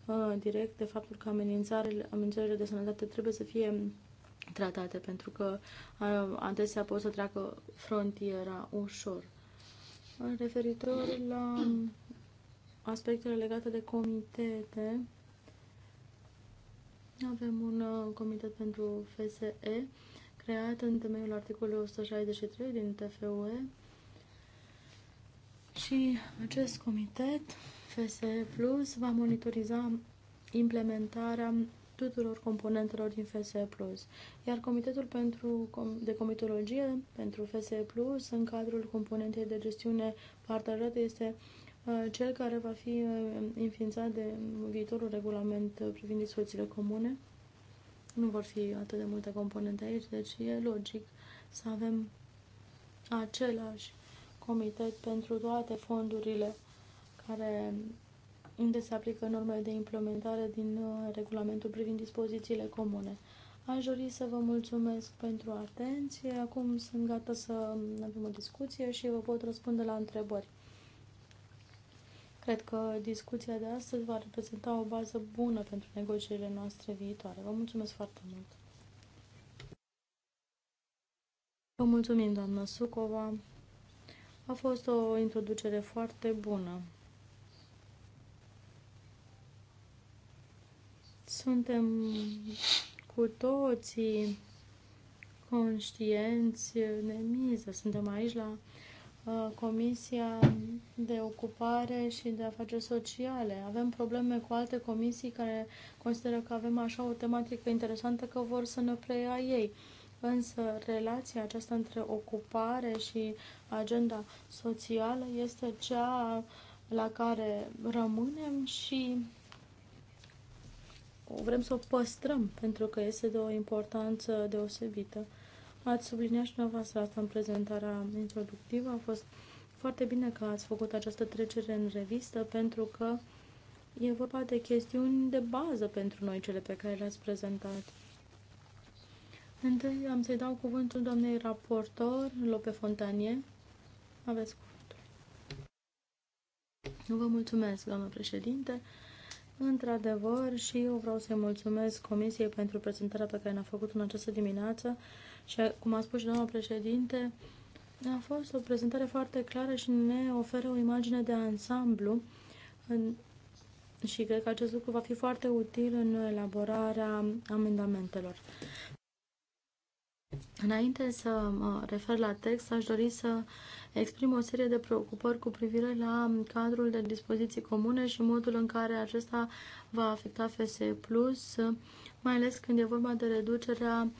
Uh, direct de faptul că amenințările, amenințările de sănătate trebuie să fie tratate, pentru că uh, adesea pot să treacă frontiera ușor. Referitor la aspectele legate de comitete, avem un uh, comitet pentru FSE creat în temeiul articolului 163 din TFUE și acest comitet FSE Plus va monitoriza implementarea tuturor componentelor din FSE+. Plus, iar Comitetul pentru, de Comitologie pentru FSE+, Plus, în cadrul componentei de gestiune partajată, este uh, cel care va fi uh, înființat de viitorul regulament privind discuțiile comune. Nu vor fi atât de multe componente aici, deci e logic să avem același comitet pentru toate fondurile care, unde se aplică normele de implementare din uh, regulamentul privind dispozițiile comune. Aș dori să vă mulțumesc pentru atenție. Acum sunt gata să um, avem o discuție și vă pot răspunde la întrebări. Cred că discuția de astăzi va reprezenta o bază bună pentru negocierile noastre viitoare. Vă mulțumesc foarte mult! Vă mulțumim, doamnă Sucova. A fost o introducere foarte bună. Suntem cu toții conștienți de miză. Suntem aici la uh, Comisia de Ocupare și de Afaceri Sociale. Avem probleme cu alte comisii care consideră că avem așa o tematică interesantă că vor să ne preia ei. Însă relația aceasta între ocupare și agenda socială este cea la care rămânem și vrem să o păstrăm, pentru că este de o importanță deosebită. Ați subliniat și dumneavoastră asta în prezentarea introductivă. A fost foarte bine că ați făcut această trecere în revistă, pentru că e vorba de chestiuni de bază pentru noi, cele pe care le-ați prezentat. Întâi am să-i dau cuvântul doamnei raportor, Lope Fontanie. Aveți cuvântul. Vă mulțumesc, doamnă președinte. Într-adevăr, și eu vreau să-i mulțumesc Comisiei pentru prezentarea pe care ne-a făcut în această dimineață și, cum a spus și doamna președinte, a fost o prezentare foarte clară și ne oferă o imagine de ansamblu în... și cred că acest lucru va fi foarte util în elaborarea amendamentelor. Înainte să mă refer la text, aș dori să exprim o serie de preocupări cu privire la cadrul de dispoziții comune și modul în care acesta va afecta FSE+, mai ales când e vorba de reducerea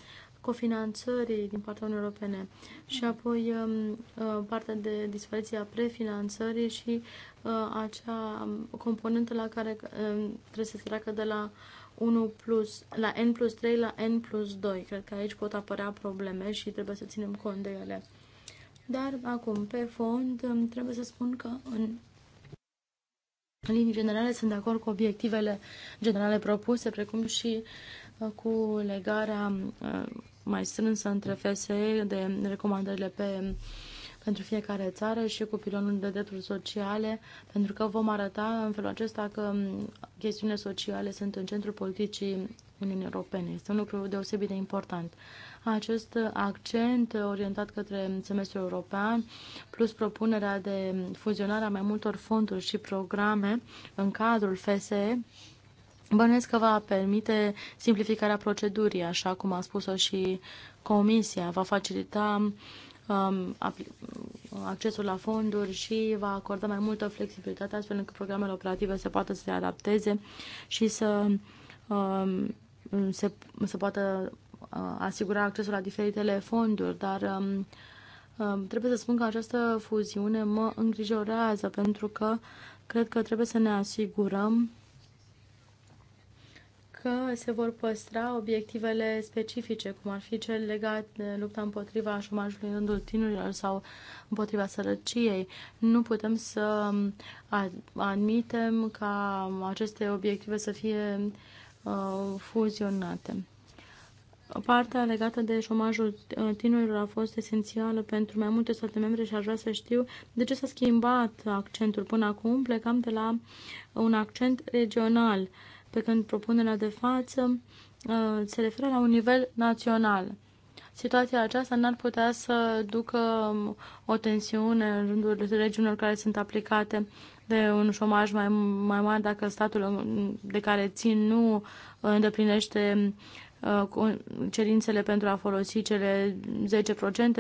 cofinanțării din partea Uniunii Europene și apoi um, uh, partea de dispoziția prefinanțării și uh, acea um, componentă la care um, trebuie să se treacă de la 1 plus, la n plus 3 la n plus 2. Cred că aici pot apărea probleme și trebuie să ținem cont de ele. Dar acum, pe fond, trebuie să spun că în în linii generale sunt de acord cu obiectivele generale propuse, precum și uh, cu legarea uh, mai strânsă între FSE de recomandările pe pentru fiecare țară și cu pilonul de drepturi sociale, pentru că vom arăta în felul acesta că chestiunile sociale sunt în centrul politicii Uniunii Europene. Este un lucru deosebit de important. Acest accent orientat către semestrul european, plus propunerea de fuzionarea a mai multor fonduri și programe în cadrul FSE, Bănuiesc că va permite simplificarea procedurii, așa cum a spus-o și Comisia, va facilita uh, Um, accesul la fonduri și va acorda mai multă flexibilitate astfel încât programele operative să poată să se adapteze și să um, se, se poată uh, asigura accesul la diferitele fonduri, dar um, trebuie să spun că această fuziune mă îngrijorează pentru că cred că trebuie să ne asigurăm că se vor păstra obiectivele specifice, cum ar fi cel legat de lupta împotriva șomajului în rândul tinerilor sau împotriva sărăciei. Nu putem să admitem ca aceste obiective să fie uh, fuzionate. Partea legată de șomajul uh, tinerilor a fost esențială pentru mai multe state membre și aș vrea să știu de ce s-a schimbat accentul până acum. Plecam de la un accent regional pe când propunerea de față uh, se referă la un nivel național. Situația aceasta n-ar putea să ducă um, o tensiune în rândul regiunilor care sunt aplicate de un șomaj mai, mai mare dacă statul de care țin nu uh, îndeplinește uh, cerințele pentru a folosi cele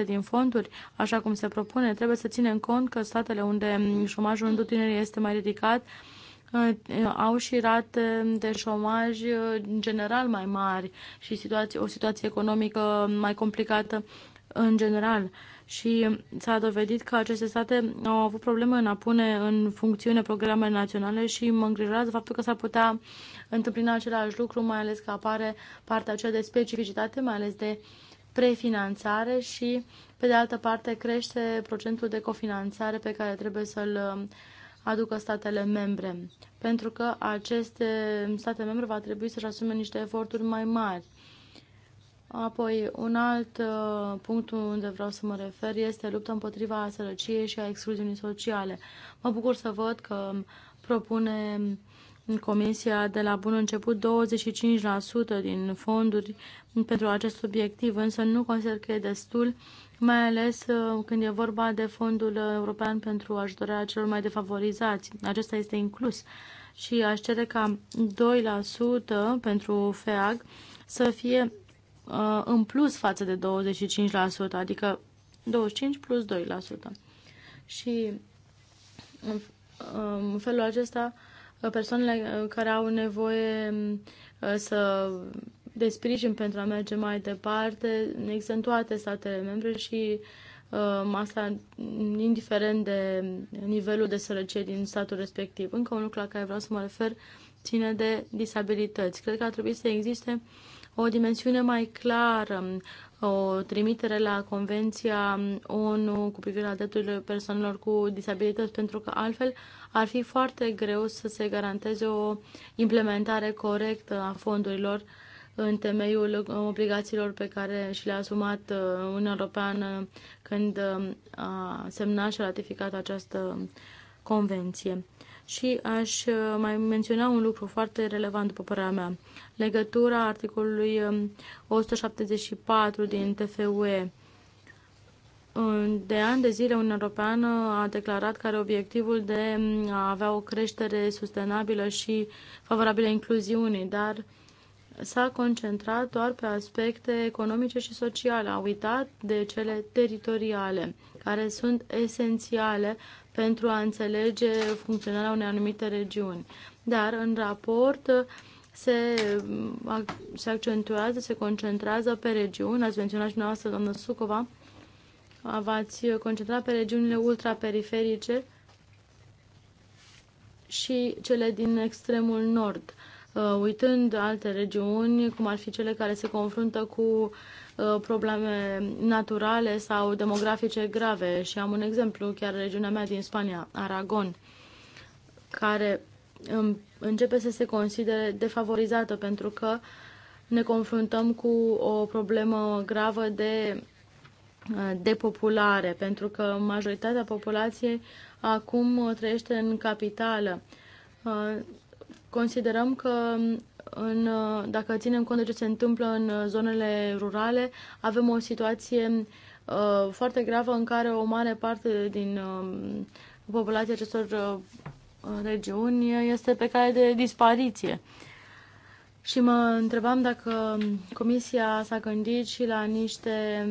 10% din fonduri, așa cum se propune, trebuie să ținem cont că statele unde șomajul în tineri este mai ridicat, uh, au și rate de șomaj uh, general mai mari și situație, o situație economică mai complicată în general. Și s-a dovedit că aceste state au avut probleme în a pune în funcțiune programele naționale și mă îngrijorează faptul că s-ar putea întâmpina același lucru, mai ales că apare partea aceea de specificitate, mai ales de prefinanțare și, pe de altă parte, crește procentul de cofinanțare pe care trebuie să-l aducă statele membre, pentru că aceste state membre va trebui să-și asume niște eforturi mai mari. Apoi, un alt uh, punct unde vreau să mă refer este lupta împotriva sărăciei și a excluziunii sociale. Mă bucur să văd că propune Comisia de la bun început 25% din fonduri pentru acest obiectiv, însă nu consider că e destul, mai ales uh, când e vorba de Fondul uh, European pentru ajutorarea celor mai defavorizați. Acesta este inclus și aș cere ca 2% pentru FEAG să fie uh, în plus față de 25%, adică 25 plus 2%. Și în felul acesta persoanele uh, care au nevoie mm, uh, să de sprijin pentru a merge mai departe există în toate statele membre și uh, asta indiferent de nivelul de sărăcie din statul respectiv. Încă un lucru la care vreau să mă refer ține de disabilități. Cred că ar trebui să existe o dimensiune mai clară, o trimitere la Convenția ONU cu privire la drepturile persoanelor cu disabilități, pentru că altfel ar fi foarte greu să se garanteze o implementare corectă a fondurilor în temeiul obligațiilor pe care și le-a asumat uh, Uniunea Europeană când uh, a semnat și a ratificat această convenție. Și aș uh, mai menționa un lucru foarte relevant, după părerea mea. Legătura articolului 174 um, din TFUE. De ani de zile, Uniunea Europeană a declarat că are obiectivul de um, a avea o creștere sustenabilă și favorabilă incluziunii, dar s-a concentrat doar pe aspecte economice și sociale, a uitat de cele teritoriale, care sunt esențiale pentru a înțelege funcționarea unei anumite regiuni. Dar în raport se, se accentuează, se concentrează pe regiuni, ați menționat și dumneavoastră, doamnă Sucova, v-ați concentrat pe regiunile ultraperiferice și cele din extremul nord. Uh, uitând alte regiuni, cum ar fi cele care se confruntă cu uh, probleme naturale sau demografice grave. Și am un exemplu, chiar regiunea mea din Spania, Aragon, care um, începe să se considere defavorizată pentru că ne confruntăm cu o problemă gravă de uh, depopulare, pentru că majoritatea populației acum trăiește în capitală. Considerăm că în, dacă ținem cont de ce se întâmplă în zonele rurale, avem o situație uh, foarte gravă în care o mare parte din uh, populația acestor uh, regiuni este pe cale de dispariție. Și mă întrebam dacă Comisia s-a gândit și la niște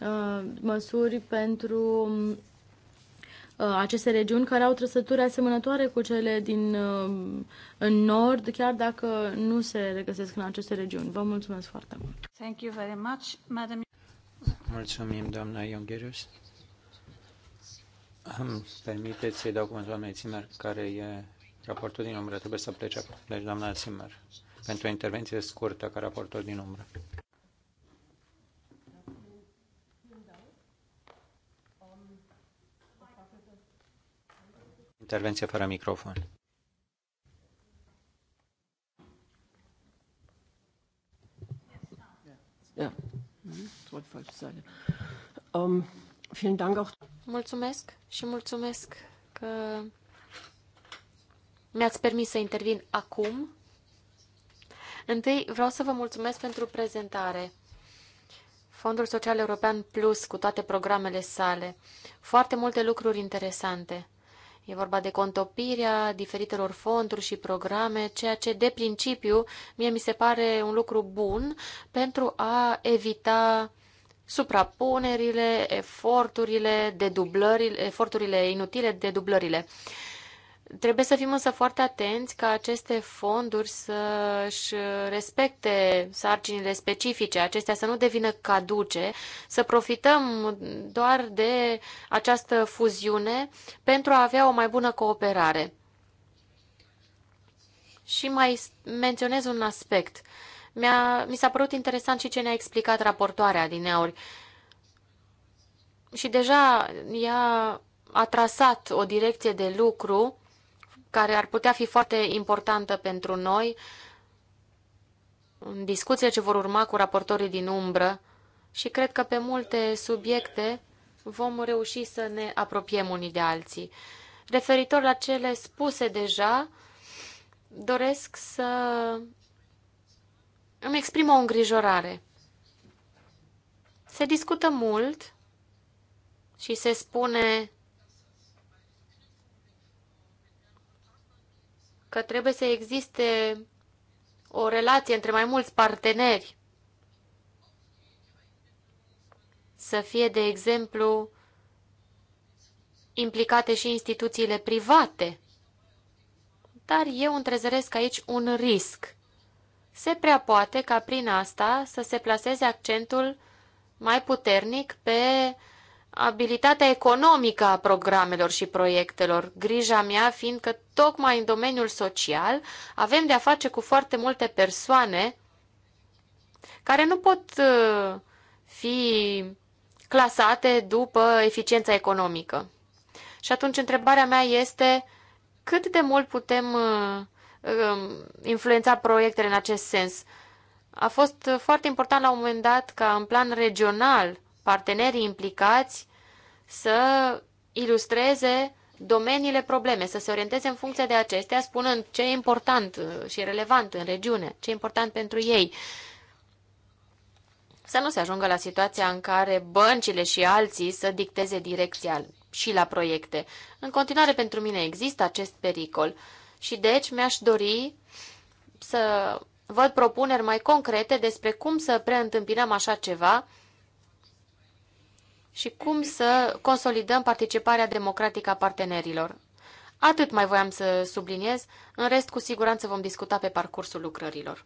uh, măsuri pentru um, Uh, aceste regiuni care au trăsături asemănătoare cu cele din uh, în nord, chiar dacă nu se regăsesc în aceste regiuni. Vă mulțumesc foarte mult. Thank you very much, madam. Mulțumim, doamna Iongherius. Îmi permiteți să-i dau cuvântul doamnei Zimmer, care e raportul din umbră. Trebuie să plece. Deci, doamna Zimmer, pentru o intervenție scurtă ca raportul din umbră. Intervenție fără microfon. Um, vielen Dank auch. Mulțumesc și mulțumesc că mi-ați permis să intervin acum. Întâi vreau să vă mulțumesc pentru prezentare. Fondul Social European Plus cu toate programele sale. Foarte multe lucruri interesante. E vorba de contopirea diferitelor fonduri și programe, ceea ce de principiu mie mi se pare un lucru bun pentru a evita suprapunerile, eforturile, dedublările, eforturile inutile, de dublările. Trebuie să fim însă foarte atenți ca aceste fonduri să își respecte sarcinile specifice, acestea să nu devină caduce, să profităm doar de această fuziune pentru a avea o mai bună cooperare. Și mai menționez un aspect. Mi-a, mi s-a părut interesant și ce ne-a explicat raportoarea din Neauri. Și deja ea a trasat o direcție de lucru care ar putea fi foarte importantă pentru noi în discuțiile ce vor urma cu raportorii din umbră și cred că pe multe subiecte vom reuși să ne apropiem unii de alții. Referitor la cele spuse deja, doresc să îmi exprim o îngrijorare. Se discută mult și se spune că trebuie să existe o relație între mai mulți parteneri. Să fie, de exemplu, implicate și instituțiile private. Dar eu întrezăresc aici un risc. Se prea poate ca prin asta să se placeze accentul mai puternic pe abilitatea economică a programelor și proiectelor, grija mea fiind că tocmai în domeniul social avem de-a face cu foarte multe persoane care nu pot uh, fi clasate după eficiența economică. Și atunci întrebarea mea este cât de mult putem uh, um, influența proiectele în acest sens. A fost foarte important la un moment dat ca în plan regional partenerii implicați să ilustreze domeniile probleme, să se orienteze în funcție de acestea, spunând ce e important uh, și relevant în regiune, ce e important pentru ei. Să nu se ajungă la situația în care băncile și alții să dicteze direcția și la proiecte. În continuare, pentru mine există acest pericol și deci mi-aș dori să văd propuneri mai concrete despre cum să preîntâmpinăm așa ceva și cum să consolidăm participarea democratică a partenerilor. Atât mai voiam să subliniez, în rest cu siguranță vom discuta pe parcursul lucrărilor.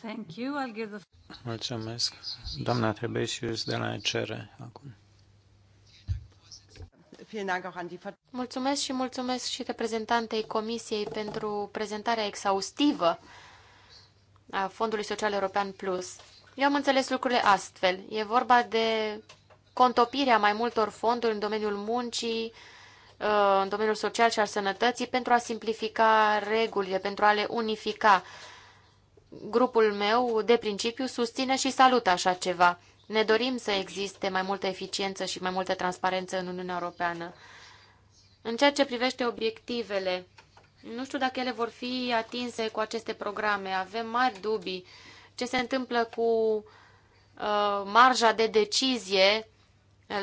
Thank you. I'll give the... Mulțumesc. Doamna Trebesius de la ECR acum. Mulțumesc și mulțumesc și reprezentantei Comisiei pentru prezentarea exhaustivă a Fondului Social European Plus. Eu am înțeles lucrurile astfel. E vorba de contopirea mai multor fonduri în domeniul muncii, uh, în domeniul social și al sănătății, pentru a simplifica regulile, pentru a le unifica. Grupul meu, de principiu, susține și salută așa ceva. Ne dorim să existe mai multă eficiență și mai multă transparență în Uniunea Europeană. În ceea ce privește obiectivele, nu știu dacă ele vor fi atinse cu aceste programe. Avem mari dubii. Ce se întâmplă cu uh, marja de decizie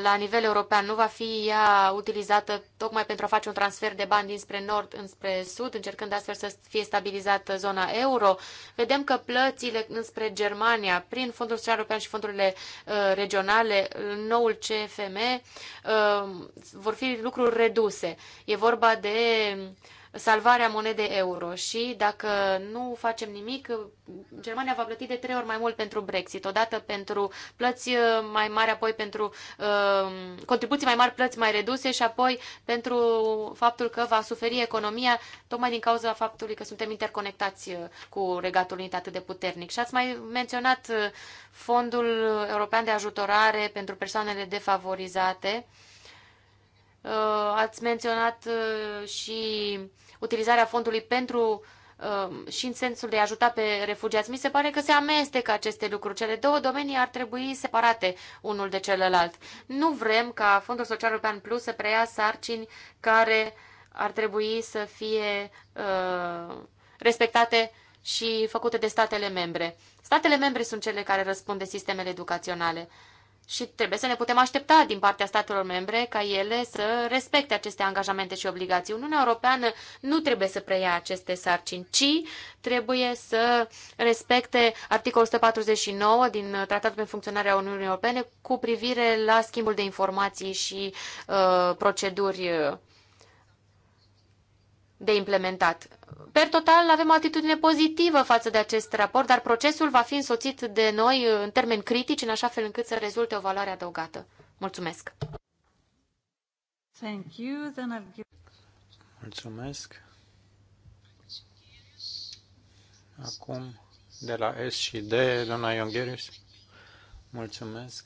la nivel european nu va fi ea utilizată tocmai pentru a face un transfer de bani dinspre nord înspre sud, încercând astfel să fie stabilizată zona euro. Vedem că plățile înspre Germania prin Fondul Social European și fondurile uh, regionale, noul CFM, uh, vor fi lucruri reduse. E vorba de salvarea monedei euro și dacă nu facem nimic, Germania va plăti de trei ori mai mult pentru Brexit, odată pentru plăți uh, mai mari, apoi pentru uh, contribuții mai mari, plăți mai reduse și apoi pentru faptul că va suferi economia tocmai din cauza faptului că suntem interconectați uh, cu Regatul Unit atât de puternic. Și ați mai menționat uh, Fondul European de Ajutorare pentru persoanele defavorizate. Ați menționat și utilizarea fondului pentru uh, și în sensul de a ajuta pe refugiați. Mi se pare că se amestecă aceste lucruri. Cele două domenii ar trebui separate unul de celălalt. Nu vrem ca Fondul Social European Plus să preia sarcini care ar trebui să fie uh, respectate și făcute de statele membre. Statele membre sunt cele care răspund de sistemele educaționale și trebuie să ne putem aștepta din partea statelor membre ca ele să respecte aceste angajamente și obligații. Uniunea Europeană nu trebuie să preia aceste sarcini, ci trebuie să respecte articolul 149 din Tratatul pentru funcționarea Uniunii Europene cu privire la schimbul de informații și uh, proceduri uh, de implementat. Per total, avem o atitudine pozitivă față de acest raport, dar procesul va fi însoțit de noi în termeni critici, în așa fel încât să rezulte o valoare adăugată. Mulțumesc! Thank you. Then I'll give... Mulțumesc! Acum, de la S și D, doamna Iongheris. mulțumesc!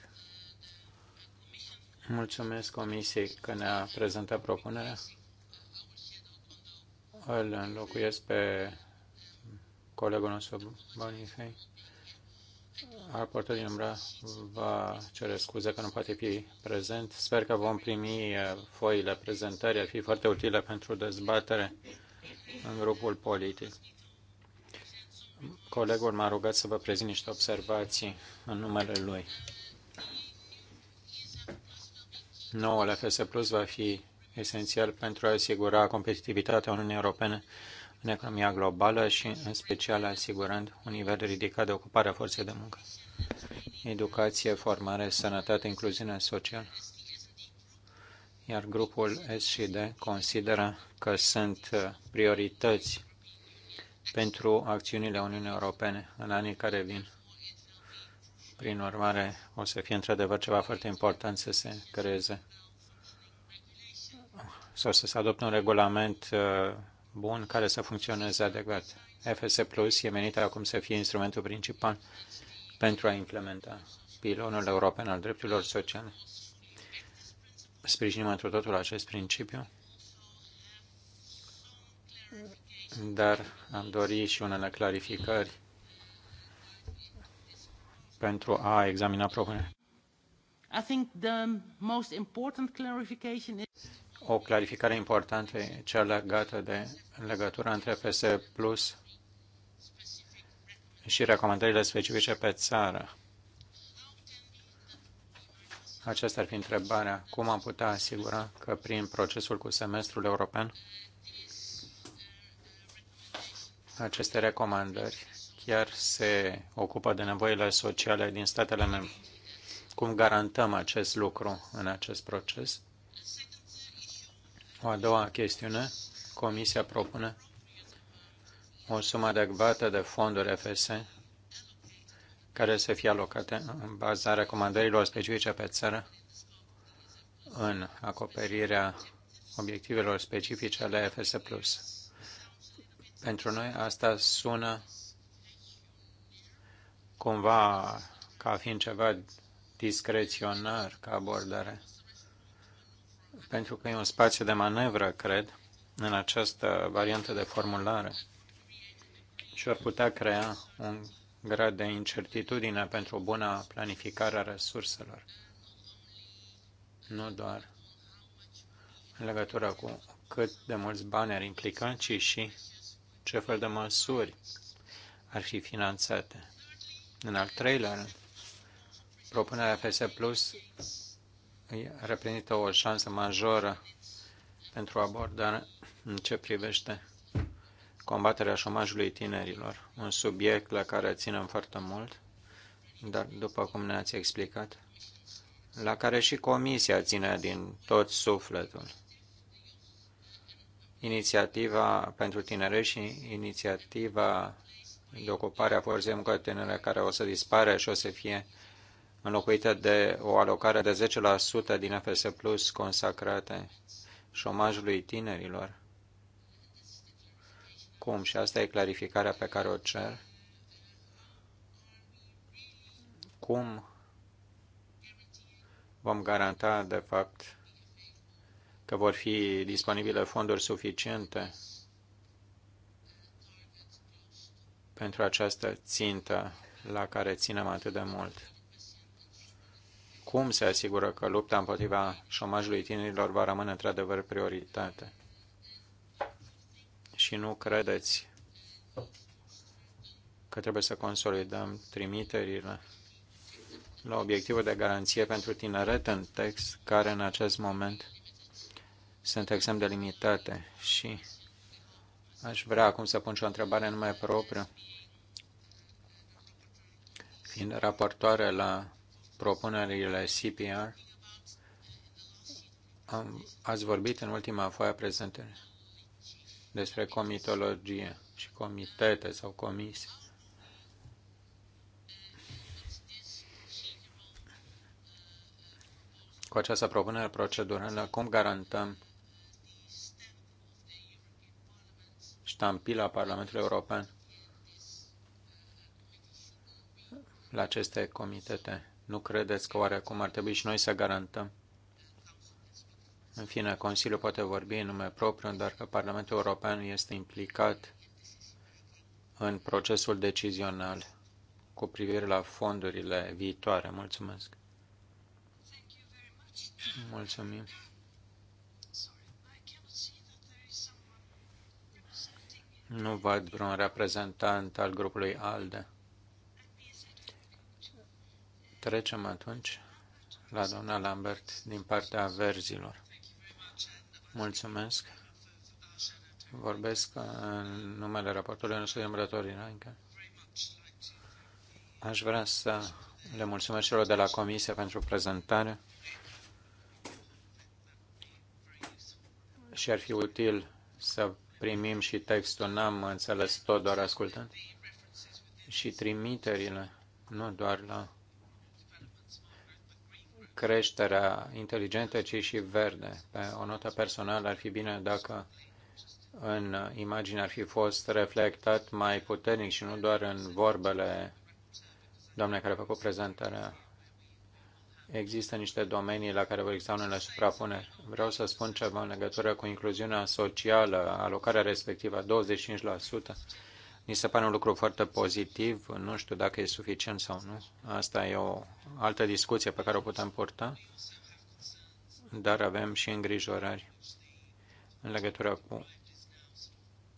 Mulțumesc Comisiei că ne-a prezentat propunerea îl înlocuiesc pe colegul nostru Bonifei. Raportul din umbra va cere scuze că nu poate fi prezent. Sper că vom primi eh, foile prezentării, ar fi foarte utile pentru dezbatere în grupul politic. Colegul m-a rugat să vă prezint niște observații în numele lui. Noul FS Plus va fi esențial pentru a asigura competitivitatea Uniunii Europene în economia globală și, în special, asigurând un nivel ridicat de ocupare a forței de muncă. Educație, formare, sănătate, incluziune socială. Iar grupul S și D consideră că sunt uh, priorități pentru acțiunile Uniunii Europene în anii care vin. Prin urmare, o să fie într-adevăr ceva foarte important să se creeze sau să se adopte un regulament uh, bun care să funcționeze adecvat. FS Plus e menit acum să fie instrumentul principal pentru a implementa pilonul european al drepturilor sociale. Sprijinim într totul acest principiu, dar am dori și unele clarificări pentru a examina propunerea. I think the most important clarification is o clarificare importantă cea legată de legătura între PS Plus și recomandările specifice pe țară. Aceasta ar fi întrebarea. Cum am putea asigura că prin procesul cu semestrul european aceste recomandări chiar se ocupă de nevoile sociale din statele membre? Cum garantăm acest lucru în acest proces? O a doua chestiune, Comisia propune o sumă adecvată de fonduri FS care să fie alocate în baza recomandărilor specifice pe țară în acoperirea obiectivelor specifice ale FS+. Pentru noi asta sună cumva ca fiind ceva discreționar ca abordare pentru că e un spațiu de manevră, cred, în această variantă de formulare și ar putea crea un grad de incertitudine pentru o bună planificare a resurselor. Nu doar în legătură cu cât de mulți bani ar implica, ci și ce fel de măsuri ar fi finanțate. În al treilea rând, propunerea FS Plus reprezintă o șansă majoră pentru abordare în ce privește combaterea șomajului tinerilor, un subiect la care ținem foarte mult, dar după cum ne-ați explicat, la care și Comisia ține din tot sufletul. Inițiativa pentru tinere și inițiativa de ocupare a forței muncă tinere care o să dispare și o să fie uh, înlocuită de o alocare de 10% din FS Plus consacrate șomajului tinerilor. Cum? Și asta e clarificarea pe care o cer. Cum vom garanta, de fapt, că vor fi disponibile fonduri suficiente pentru această țintă la care ținem atât de mult cum se asigură că lupta împotriva șomajului tinerilor va rămâne într-adevăr prioritate? Și nu credeți că trebuie să consolidăm trimiterile la obiectivul de garanție pentru tineret în text, care în acest moment sunt extrem de limitate și aș vrea acum să pun și o întrebare numai propriu. Fiind raportoare la propunerile CPR. Am, ați vorbit în ultima foaie prezentă despre comitologie și comitete sau comisii. Cu această propunere procedurală, cum garantăm ștampila Parlamentului European la aceste comitete? Nu credeți că oarecum ar trebui și noi să garantăm? În fine, Consiliul poate vorbi în nume propriu, dar că Parlamentul European este implicat în procesul decizional cu privire la fondurile viitoare. Mulțumesc! Mulțumim! Nu văd vreun reprezentant al grupului ALDE. Trecem atunci la doamna Lambert din partea verzilor. Mulțumesc. Vorbesc în numele raportului nostru de înainte. Aș vrea să le mulțumesc celor de la Comisie pentru prezentare și ar fi util să primim și textul, n-am înțeles tot, doar ascultând, și trimiterile, nu doar la creșterea inteligentă, ci și verde. Pe o notă personală ar fi bine dacă în imagine ar fi fost reflectat mai puternic și nu doar în vorbele doamnei care a făcut prezentarea. Există niște domenii la care vor exista unele suprapuneri. Vreau să spun ceva în legătură cu incluziunea socială, alocarea respectivă, 25% mi se pare un lucru foarte pozitiv, nu știu dacă e suficient sau nu. Asta e o altă discuție pe care o putem purta, dar avem și îngrijorări în legătură cu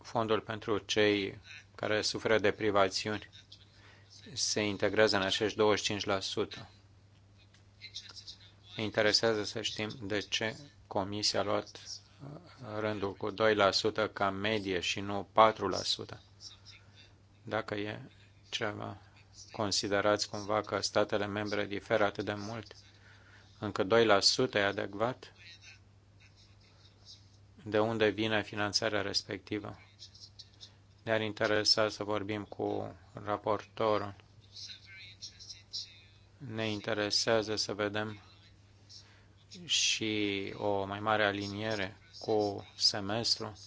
fondul pentru cei care suferă de privațiuni se integrează în acești 25%. Ne interesează să știm de ce Comisia a luat rândul cu 2% ca medie și nu 4% dacă e ceva. Considerați cumva că statele membre diferă atât de mult încă 2% e adecvat? De unde vine finanțarea respectivă? Ne-ar interesa să vorbim cu raportorul. Ne interesează să vedem și o mai mare aliniere cu semestru,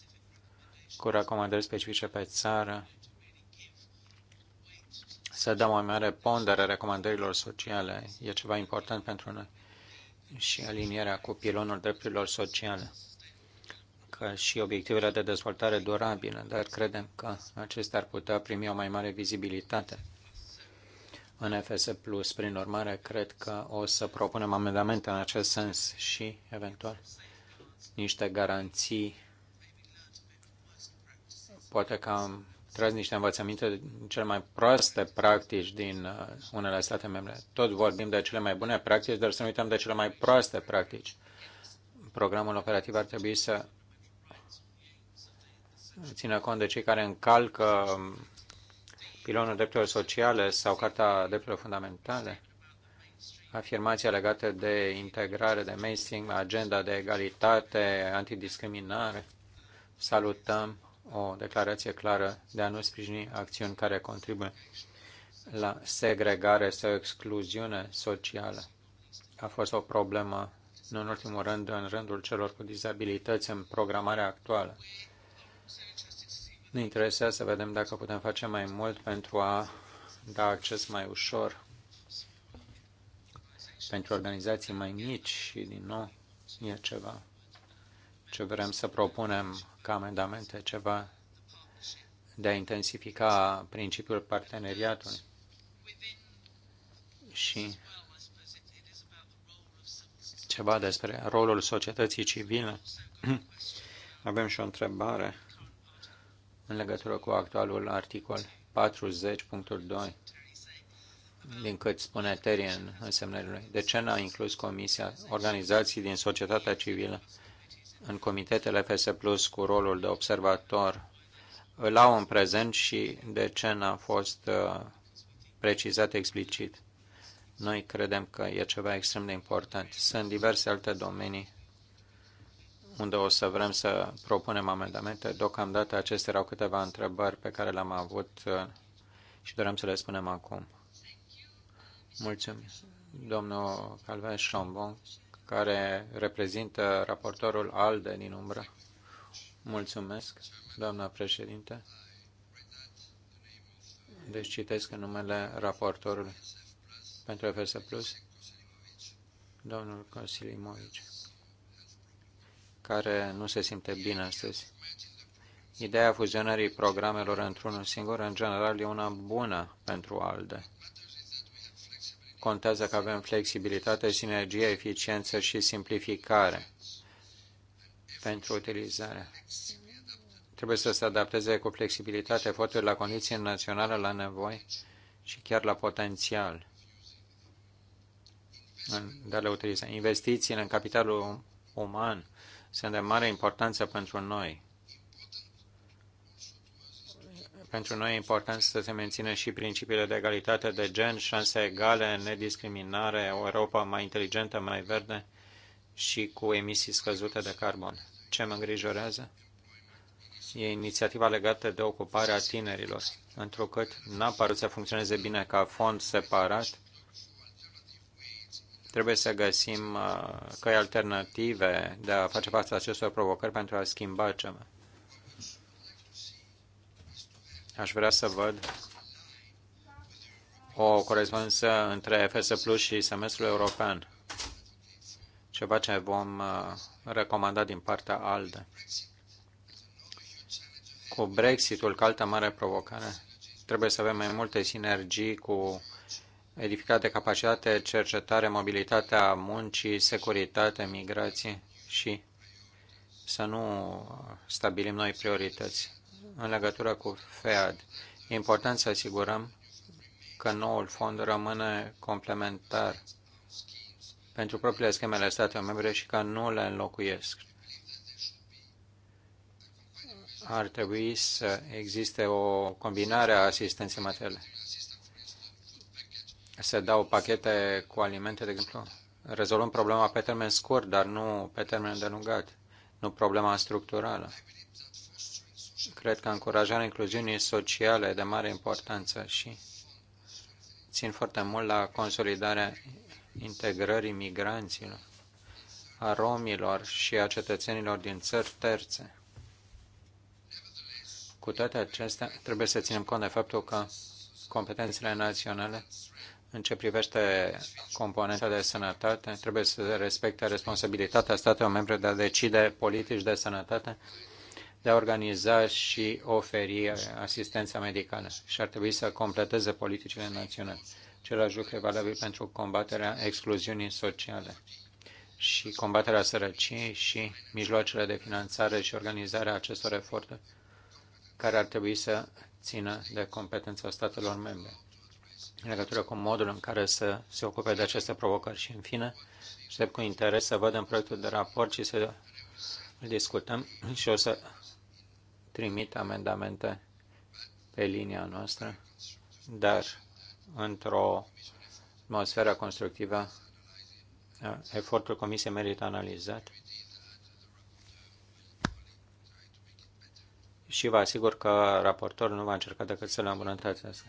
cu recomandări specifice pe țară, să dăm o mare pondere recomandărilor sociale. E ceva important pentru noi. Și alinierea cu pilonul drepturilor sociale, ca și obiectivele de dezvoltare durabilă, dar credem că acestea ar putea primi o mai mare vizibilitate în FS+. Plus. Prin urmare, cred că o să propunem amendamente în acest sens și, eventual, niște garanții. Poate că am tras niște învățăminte din cele mai proaste practici din uh, unele state membre. Tot vorbim de cele mai bune practici, dar să nu uităm de cele mai proaste practici. Programul operativ ar trebui să țină cont de cei care încalcă um, pilonul drepturilor sociale sau Carta Drepturilor Fundamentale, afirmația legată de integrare, de mainstream, agenda de egalitate, antidiscriminare. Salutăm o declarație clară de a nu sprijini acțiuni care contribuie la segregare sau excluziune socială. A fost o problemă, nu în ultimul rând, în rândul celor cu dizabilități în programarea actuală. Ne interesează să vedem dacă putem face mai mult pentru a da acces mai ușor pentru organizații mai mici și, din nou, e ceva ce vrem să propunem ca amendamente ceva de a intensifica principiul parteneriatului și ceva despre rolul societății civile. Avem și o întrebare în legătură cu actualul articol 40.2 din cât spune Terry în însemnările lui. De ce n-a inclus Comisia organizații din societatea civilă în comitetele FS Plus cu rolul de observator îl au în prezent și de ce n-a fost uh, precizat explicit. Noi credem că e ceva extrem de important. Sunt diverse alte domenii unde o să vrem să propunem amendamente. Deocamdată acestea erau câteva întrebări pe care le-am avut uh, și dorem să le spunem acum. Mulțumim. Domnul Calvin chambon care reprezintă raportorul ALDE din umbră. Mulțumesc, doamna președinte. Deci citesc în numele raportorului pentru FS Plus, domnul Consilimovici, care nu se simte bine astăzi. Ideea fuzionării programelor într-unul singur, în general, e una bună pentru ALDE contează că avem flexibilitate, sinergie, eficiență și simplificare pentru utilizare. Trebuie să se adapteze cu flexibilitate eforturi la condiții naționale, la nevoi și chiar la potențial de a le utiliza. Investițiile în capitalul uman sunt de mare importanță pentru noi. Pentru noi e important să se mențină și principiile de egalitate de gen, șanse egale, nediscriminare, o Europa mai inteligentă, mai verde și cu emisii scăzute de carbon. Ce mă îngrijorează? E inițiativa legată de ocuparea tinerilor, întrucât n-a părut să funcționeze bine ca fond separat. Trebuie să găsim uh, căi alternative de a face față acestor provocări pentru a schimba ceva. Aș vrea să văd o corespondență între FS Plus și semestrul european. Ceva ce vom uh, recomanda din partea ALDE. Cu Brexitul, ca altă mare provocare, trebuie să avem mai multe sinergii cu edificate de capacitate, cercetare, mobilitatea muncii, securitate, migrație și să nu stabilim noi priorități în legătură cu FEAD. E important să asigurăm că noul fond rămâne complementar pentru propriile schemele statelor membre și că nu le înlocuiesc. Ar trebui să existe o combinare a asistenței materiale. Se dau pachete cu alimente, de exemplu. Rezolvăm problema pe termen scurt, dar nu pe termen delungat. Nu problema structurală. Cred că încurajarea incluziunii sociale de mare importanță și țin foarte mult la consolidarea integrării migranților, a romilor și a cetățenilor din țări terțe. Cu toate acestea, trebuie să ținem cont de faptul că competențele naționale în ce privește componenta de sănătate, trebuie să respecte responsabilitatea statelor membre de a decide politici de sănătate de a organiza și oferi asistența medicală și ar trebui să completeze politicile naționale. Celălalt lucru e valabil pentru combaterea excluziunii sociale și combaterea sărăciei și mijloacele de finanțare și organizarea acestor eforturi care ar trebui să țină de competența statelor membre în legătură cu modul în care să se ocupe de aceste provocări. Și, în fine, aștept cu interes să văd în proiectul de raport și să discutăm și o să trimit amendamente pe linia noastră, dar într-o atmosferă constructivă, efortul comisiei merită analizat și vă asigur că raportorul nu va încerca decât să-l îmbunătățească.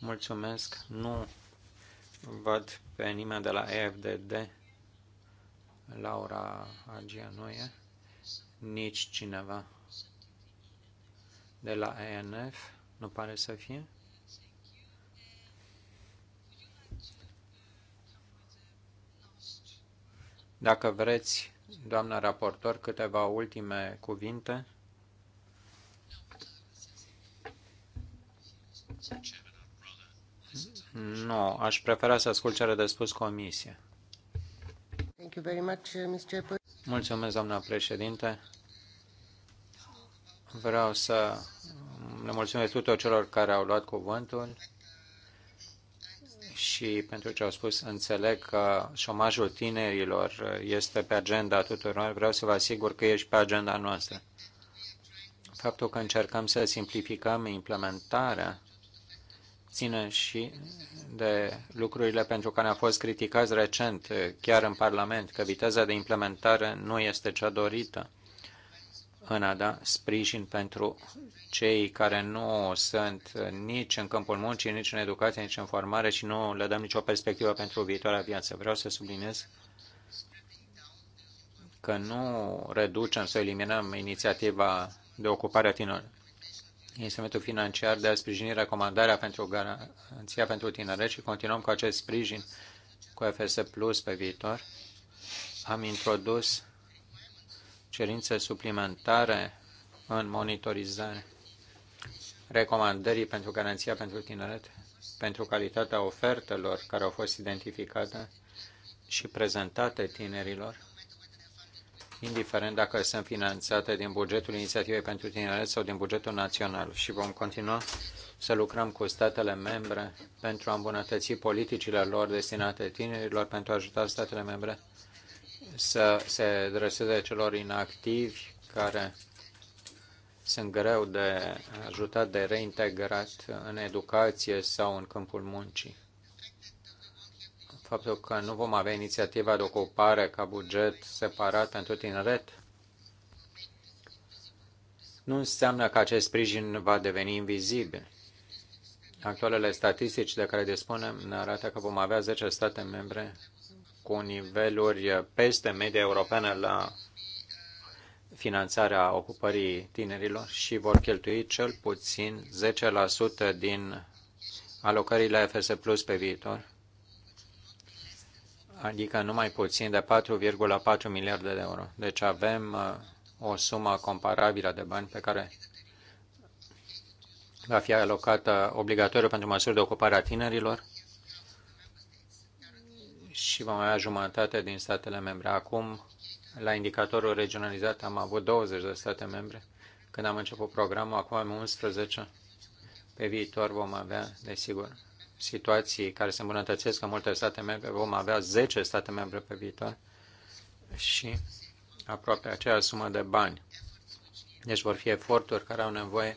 Mulțumesc. Nu văd pe nimeni de la EFDD. Laura Agia nu e. Nici cineva de la ENF, nu pare să fie. Dacă vreți, doamna raportor, câteva ultime cuvinte. Nu, aș prefera să ascult ce are de spus comisia. Uh, Mulțumesc, doamna președinte. Vreau să le mulțumesc tuturor celor care au luat cuvântul și pentru ce au spus. Înțeleg că șomajul tinerilor este pe agenda tuturor. Vreau să vă asigur că ești pe agenda noastră. Faptul că încercăm să simplificăm implementarea ține și de lucrurile pentru care a fost criticați recent, chiar în Parlament, că viteza de implementare nu este cea dorită în a da sprijin pentru cei care nu sunt nici în câmpul muncii, nici în educație, nici în formare și nu le dăm nicio perspectivă pentru viitoarea viață. Vreau să subliniez că nu reducem, să eliminăm inițiativa de ocupare a tinerilor. Instrumentul financiar de a sprijini recomandarea pentru garanția pentru tineret și continuăm cu acest sprijin cu FS Plus pe viitor. Am introdus cerințe suplimentare în monitorizare, recomandării pentru garanția pentru tineret, pentru calitatea ofertelor care au fost identificate și prezentate tinerilor, indiferent dacă sunt finanțate din bugetul inițiativei pentru tineret sau din bugetul național. Și vom continua să lucrăm cu statele membre pentru a îmbunătăți politicile lor destinate tinerilor, pentru a ajuta statele membre să se adreseze celor inactivi care sunt greu de ajutat de reintegrat în educație sau în câmpul muncii. Faptul că nu vom avea inițiativa de ocupare ca buget separat pentru tineret nu înseamnă că acest sprijin va deveni invizibil. Actualele statistici de care dispunem ne arată că vom avea 10 state membre cu niveluri peste media europeană la finanțarea ocupării tinerilor și vor cheltui cel puțin 10% din alocările FS Plus pe viitor, adică numai puțin de 4,4 miliarde de euro. Deci avem uh, o sumă comparabilă de bani pe care va fi alocată obligatoriu pentru măsuri de ocupare a tinerilor și vom avea jumătate din statele membre. Acum, la indicatorul regionalizat, am avut 20 de state membre. Când am început programul, acum am 11. Pe viitor vom avea, desigur, situații care se îmbunătățesc în multe state membre. Vom avea 10 state membre pe viitor și aproape aceeași sumă de bani. Deci vor fi eforturi care au nevoie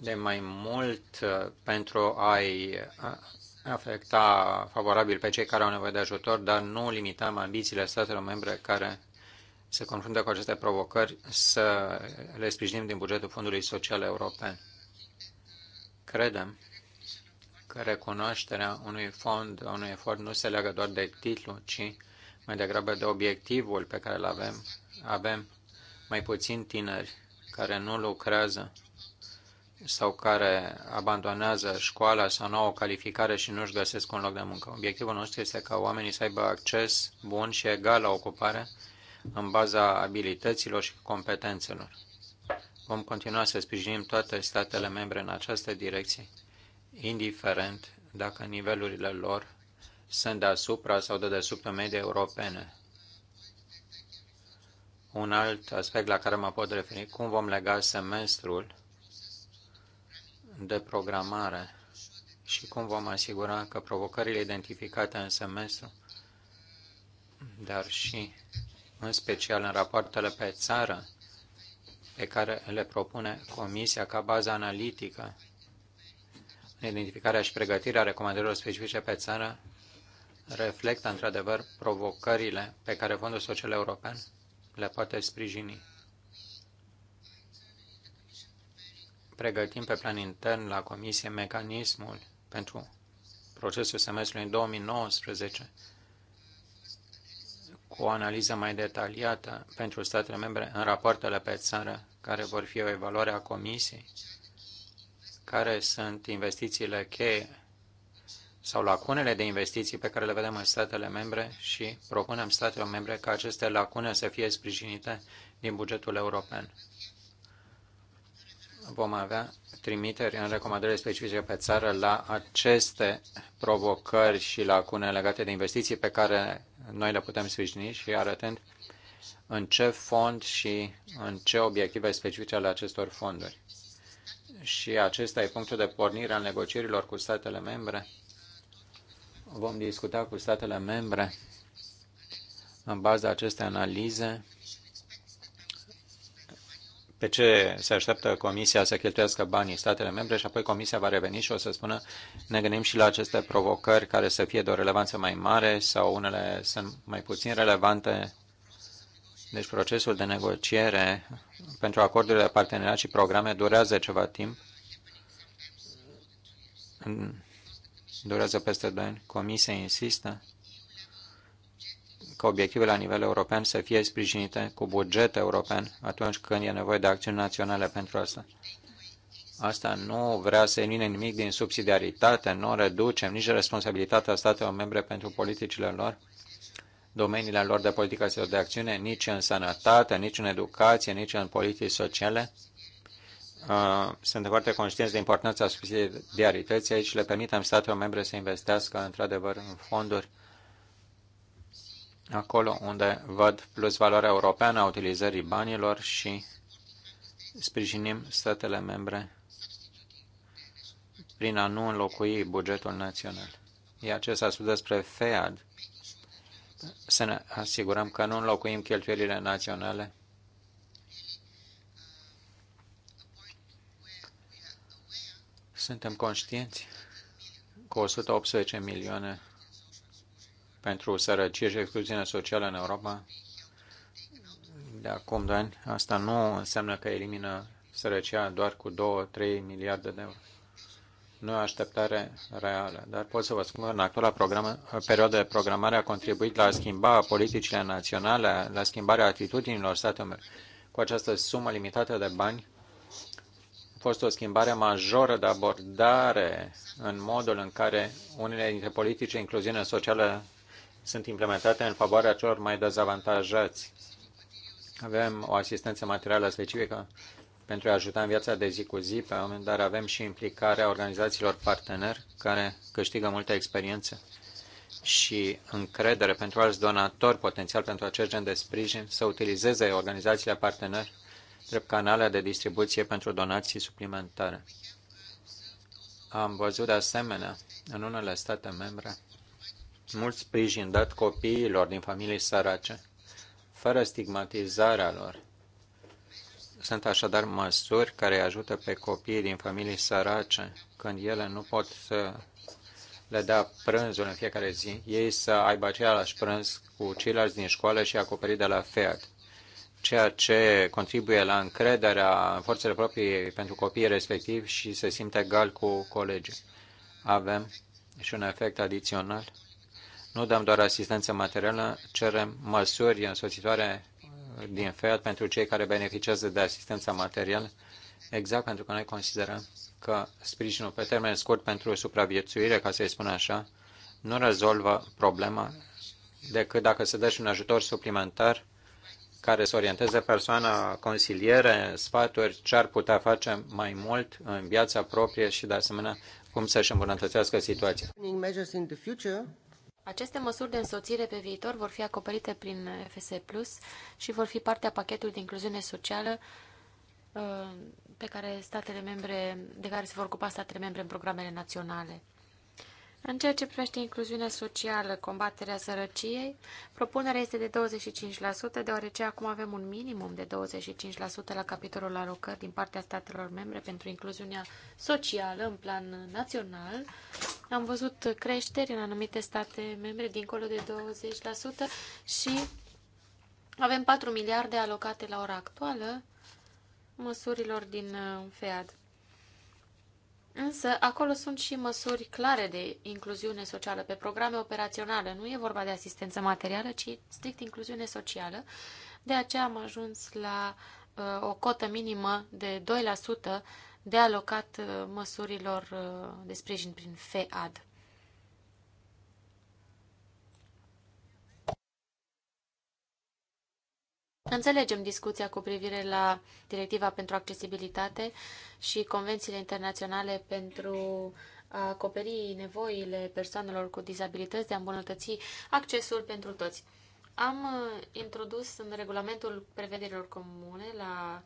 de mai mult uh, pentru a-i afecta favorabil pe cei care au nevoie de ajutor, dar nu limităm ambițiile statelor membre care se confruntă cu aceste provocări să le sprijinim din bugetul Fondului Social European. Credem că recunoașterea unui fond, unui efort nu se leagă doar de titlu, ci mai degrabă de obiectivul pe care îl avem. Avem mai puțin tineri care nu lucrează sau care abandonează școala sau nu o calificare și nu-și găsesc un loc de muncă. Obiectivul nostru este ca oamenii să aibă acces bun și egal la ocupare în baza abilităților și competențelor. Vom continua să sprijinim toate statele membre în această direcție, indiferent dacă nivelurile lor sunt deasupra sau de dedesubtă medie europene. Un alt aspect la care mă pot referi, cum vom lega semestrul de programare și cum vom asigura că provocările identificate în semestru, dar și în special în rapoartele pe țară pe care le propune Comisia ca bază analitică în identificarea și pregătirea recomandărilor specifice pe țară, reflectă într-adevăr provocările pe care Fondul Social European le poate sprijini. pregătim pe plan intern la Comisie mecanismul pentru procesul semestrului în 2019 cu o analiză mai detaliată pentru statele membre în rapoartele pe țară care vor fi o evaluare a Comisiei, care sunt investițiile cheie sau lacunele de investiții pe care le vedem în statele membre și propunem statelor membre ca aceste lacune să fie sprijinite din bugetul european vom avea trimiteri în recomandările specifice pe țară la aceste provocări și lacune legate de investiții pe care noi le putem sprijini și arătând în ce fond și în ce obiective specifice ale acestor fonduri. Și acesta e punctul de pornire al negocierilor cu statele membre. Vom discuta cu statele membre în baza acestei analize pe ce se așteaptă Comisia să cheltuiască banii statele membre și apoi Comisia va reveni și o să spună ne gândim și la aceste provocări care să fie de o relevanță mai mare sau unele sunt mai puțin relevante. Deci procesul de negociere pentru acordurile de parteneriat și programe durează ceva timp. Durează peste 2 ani. Comisia insistă ca obiective la nivel european să fie sprijinite cu buget european atunci când e nevoie de acțiuni naționale pentru asta. Asta nu vrea să elimine nimic din subsidiaritate, nu reducem nici responsabilitatea statelor membre pentru politicile lor, domeniile lor de politică sau de acțiune, nici în sănătate, nici în educație, nici în politici sociale. Uh, sunt foarte conștienți de importanța subsidiarității aici, le permitem statelor membre să investească într-adevăr în fonduri acolo unde văd plus valoarea europeană a utilizării banilor și sprijinim statele membre prin a nu înlocui bugetul național. E acesta spus despre FEAD, să ne asigurăm că nu înlocuim cheltuielile naționale Suntem conștienți cu 118 milioane pentru sărăcie și excluziune socială în Europa de acum doi ani. Asta nu înseamnă că elimină sărăcia doar cu 2-3 miliarde de euro. Nu e o așteptare reală, dar pot să vă spun că în actuala programă, perioadă de programare a contribuit la a schimba politicile naționale, la schimbarea atitudinilor statelor. Cu această sumă limitată de bani, a fost o schimbare majoră de abordare în modul în care unele dintre politice incluziune socială sunt implementate în favoarea celor mai dezavantajați. Avem o asistență materială specifică pentru a ajuta în viața de zi cu zi pe oameni, dar avem și implicarea organizațiilor partener care câștigă multă experiență și încredere pentru alți donatori potențial pentru acest gen de sprijin să utilizeze organizațiile partener drept canale de distribuție pentru donații suplimentare. Am văzut de asemenea în unele state membre mult sprijin dat copiilor din familii sărace, fără stigmatizarea lor. Sunt așadar măsuri care ajută pe copiii din familii sărace când ele nu pot să le dea prânzul în fiecare zi, ei să aibă același prânz cu ceilalți din școală și acoperit de la FEAD, ceea ce contribuie la încrederea în forțele proprii pentru copiii respectivi și se simte egal cu colegii. Avem și un efect adițional nu dăm doar asistență materială, cerem măsuri însoțitoare din fel pentru cei care beneficiază de asistența materială, exact pentru că noi considerăm că sprijinul pe termen scurt pentru supraviețuire, ca să-i spun așa, nu rezolvă problema decât dacă se dă și un ajutor suplimentar care să orienteze persoana consiliere, sfaturi, ce ar putea face mai mult în viața proprie și, de asemenea, cum să-și îmbunătățească situația. Aceste măsuri de însoțire pe viitor vor fi acoperite prin FS Plus și vor fi partea pachetului de incluziune socială uh, pe care statele membre, de care se vor ocupa statele membre în programele naționale. În ceea ce privește incluziunea socială, combaterea sărăciei, propunerea este de 25%, deoarece acum avem un minimum de 25% la capitolul alocări din partea statelor membre pentru incluziunea socială în plan național. Am văzut creșteri în anumite state membre dincolo de 20% și avem 4 miliarde alocate la ora actuală măsurilor din uh, FEAD. Însă, acolo sunt și măsuri clare de incluziune socială, pe programe operaționale. Nu e vorba de asistență materială, ci strict incluziune socială. De aceea am ajuns la uh, o cotă minimă de 2% de alocat uh, măsurilor uh, de sprijin prin FEAD. Înțelegem discuția cu privire la Directiva pentru Accesibilitate și Convențiile Internaționale pentru a acoperi nevoile persoanelor cu dizabilități, de a îmbunătăți accesul pentru toți. Am uh, introdus în regulamentul prevederilor comune la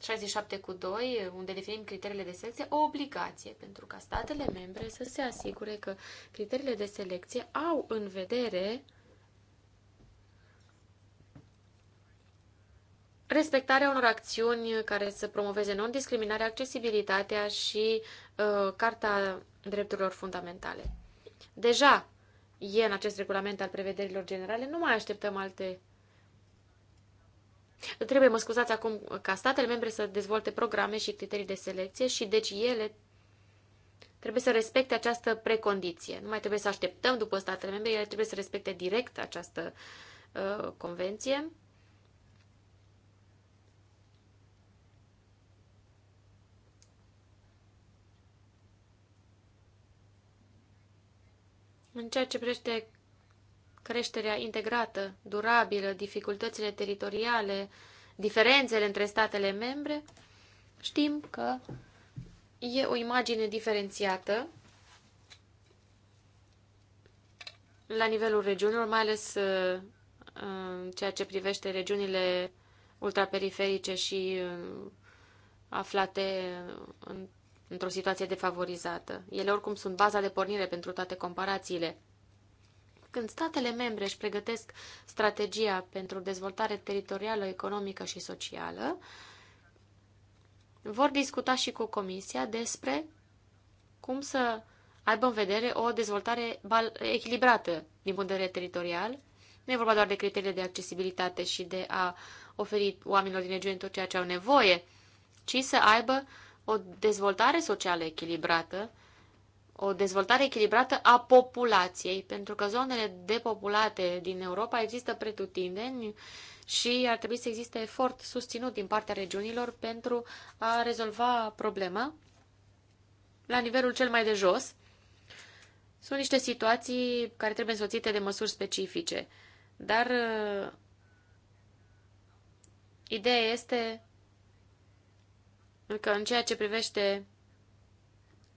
67 uh, cu 2, unde definim criteriile de selecție, o obligație pentru ca statele membre să se asigure că criteriile de selecție au în vedere respectarea unor acțiuni care să promoveze non-discriminarea, accesibilitatea și uh, Carta Drepturilor Fundamentale. Deja e în acest regulament al prevederilor generale, nu mai așteptăm alte. Trebuie, mă scuzați acum, ca statele membre să dezvolte programe și criterii de selecție și deci ele trebuie să respecte această precondiție. Nu mai trebuie să așteptăm după statele membre, ele trebuie să respecte direct această uh, convenție. În ceea ce privește creșterea integrată, durabilă, dificultățile teritoriale, diferențele între statele membre, știm că e o imagine diferențiată la nivelul regiunilor, mai ales uh, în ceea ce privește regiunile ultraperiferice și uh, aflate în într-o situație defavorizată. Ele oricum sunt baza de pornire pentru toate comparațiile. Când statele membre își pregătesc strategia pentru dezvoltare teritorială, economică și socială, vor discuta și cu Comisia despre cum să aibă în vedere o dezvoltare echilibrată din punct de vedere teritorial. Nu e vorba doar de criteriile de accesibilitate și de a oferi oamenilor din regiune tot ceea ce au nevoie, ci să aibă o dezvoltare socială echilibrată, o dezvoltare echilibrată a populației, pentru că zonele depopulate din Europa există pretutindeni și ar trebui să existe efort susținut din partea regiunilor pentru a rezolva problema la nivelul cel mai de jos. Sunt niște situații care trebuie însoțite de măsuri specifice, dar uh, ideea este că în ceea ce privește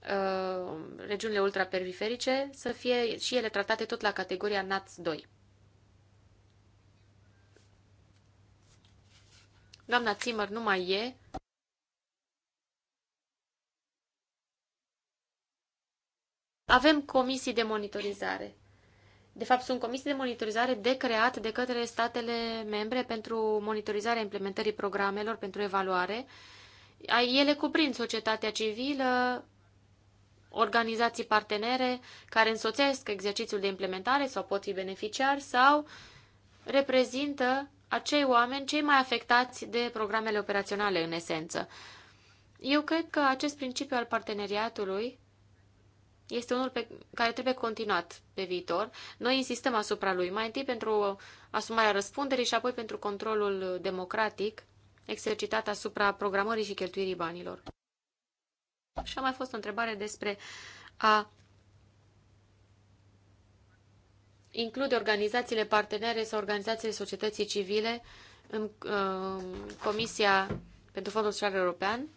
uh, regiunile ultraperiferice, să fie și ele tratate tot la categoria NATS 2. Doamna Zimmer nu mai e. Avem comisii de monitorizare. De fapt, sunt comisii de monitorizare de creat de către statele membre pentru monitorizarea implementării programelor pentru evaluare. Uh, ele cuprind societatea civilă, organizații partenere care însoțesc exercițiul de implementare sau pot fi beneficiari sau reprezintă acei oameni cei mai afectați de programele operaționale, în esență. Eu cred că acest principiu al parteneriatului este unul pe care trebuie continuat pe viitor. Noi insistăm asupra lui, mai întâi pentru asumarea răspunderii și apoi pentru controlul democratic exercitat asupra programării și cheltuirii banilor. Și a mai fost o întrebare despre a include organizațiile partenere sau organizațiile societății civile în uh, Comisia pentru Fondul Social European.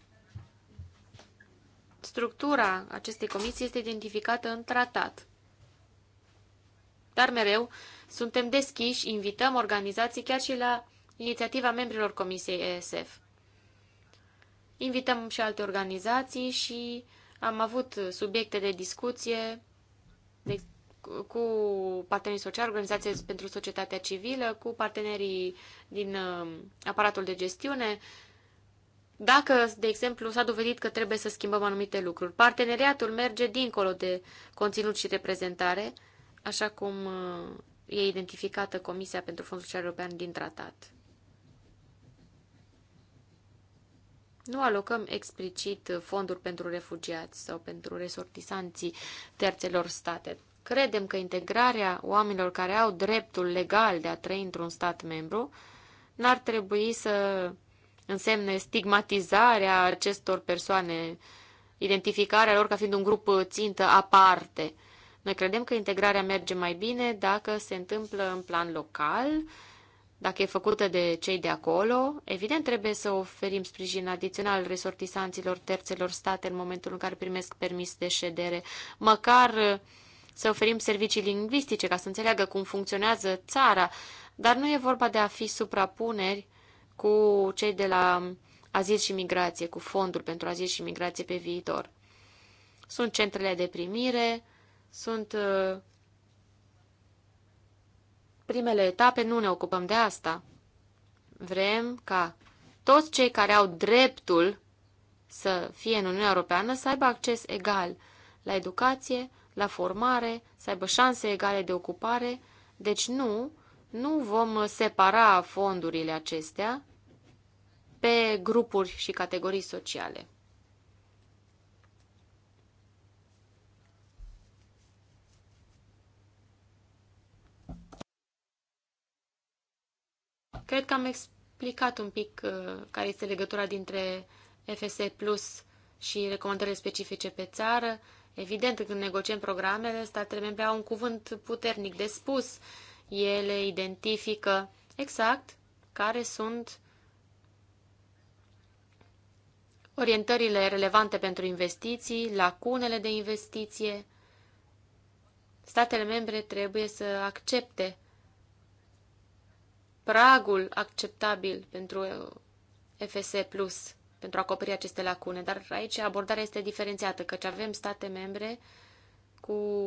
Structura acestei comisii este identificată în tratat. Dar mereu suntem deschiși, invităm organizații chiar și la inițiativa membrilor Comisiei ESF. Invităm și alte organizații și am avut subiecte de discuție de, cu partenerii sociali, organizații pentru societatea civilă, cu partenerii din um, aparatul de gestiune, dacă, de exemplu, s-a dovedit că trebuie să schimbăm anumite lucruri. Parteneriatul merge dincolo de conținut și reprezentare, așa cum uh, e identificată Comisia pentru Fondul Social European din tratat. nu alocăm explicit fonduri pentru refugiați sau pentru resortisanții terțelor state. Credem că integrarea oamenilor care au dreptul legal de a trăi într-un stat membru n-ar trebui să însemne stigmatizarea acestor persoane, identificarea lor ca fiind un grup țintă aparte. Noi credem că integrarea merge mai bine dacă se întâmplă în plan local, dacă e făcută de cei de acolo, evident trebuie să oferim sprijin adițional resortisanților terțelor state în momentul în care primesc permis de ședere, măcar uh, să oferim servicii lingvistice ca să înțeleagă cum funcționează țara, dar nu e vorba de a fi suprapuneri cu cei de la azil și migrație, cu fondul pentru azil și migrație pe viitor. Sunt centrele de primire, sunt uh, primele etape nu ne ocupăm de asta. Vrem ca toți cei care au dreptul să fie în Uniunea Europeană să aibă acces egal la educație, la formare, să aibă șanse egale de ocupare. Deci nu, nu vom separa fondurile acestea pe grupuri și categorii sociale. Cred că am explicat un pic uh, care este legătura dintre FS Plus și recomandările specifice pe țară. Evident, când negociem programele, statele membre au un cuvânt puternic de spus. Ele identifică exact care sunt orientările relevante pentru investiții, lacunele de investiție. Statele membre trebuie să accepte pragul acceptabil pentru uh, FS+, Plus pentru a acoperi aceste lacune, dar aici abordarea este diferențiată, căci avem state membre cu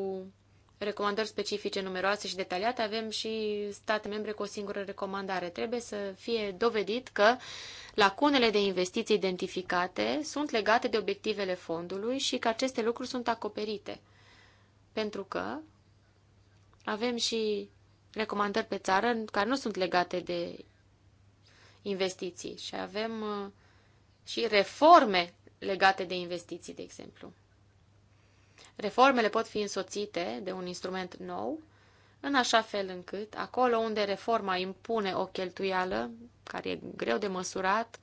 recomandări specifice numeroase și detaliate, avem și state membre cu o singură recomandare. Trebuie să fie dovedit că lacunele de investiții identificate sunt legate de obiectivele fondului și că aceste lucruri sunt acoperite. Pentru că avem și recomandări pe țară care nu sunt legate de investiții și avem uh, și reforme legate de investiții, de exemplu. Reformele pot fi însoțite de un instrument nou, în așa fel încât, acolo unde reforma impune o cheltuială care e greu de măsurat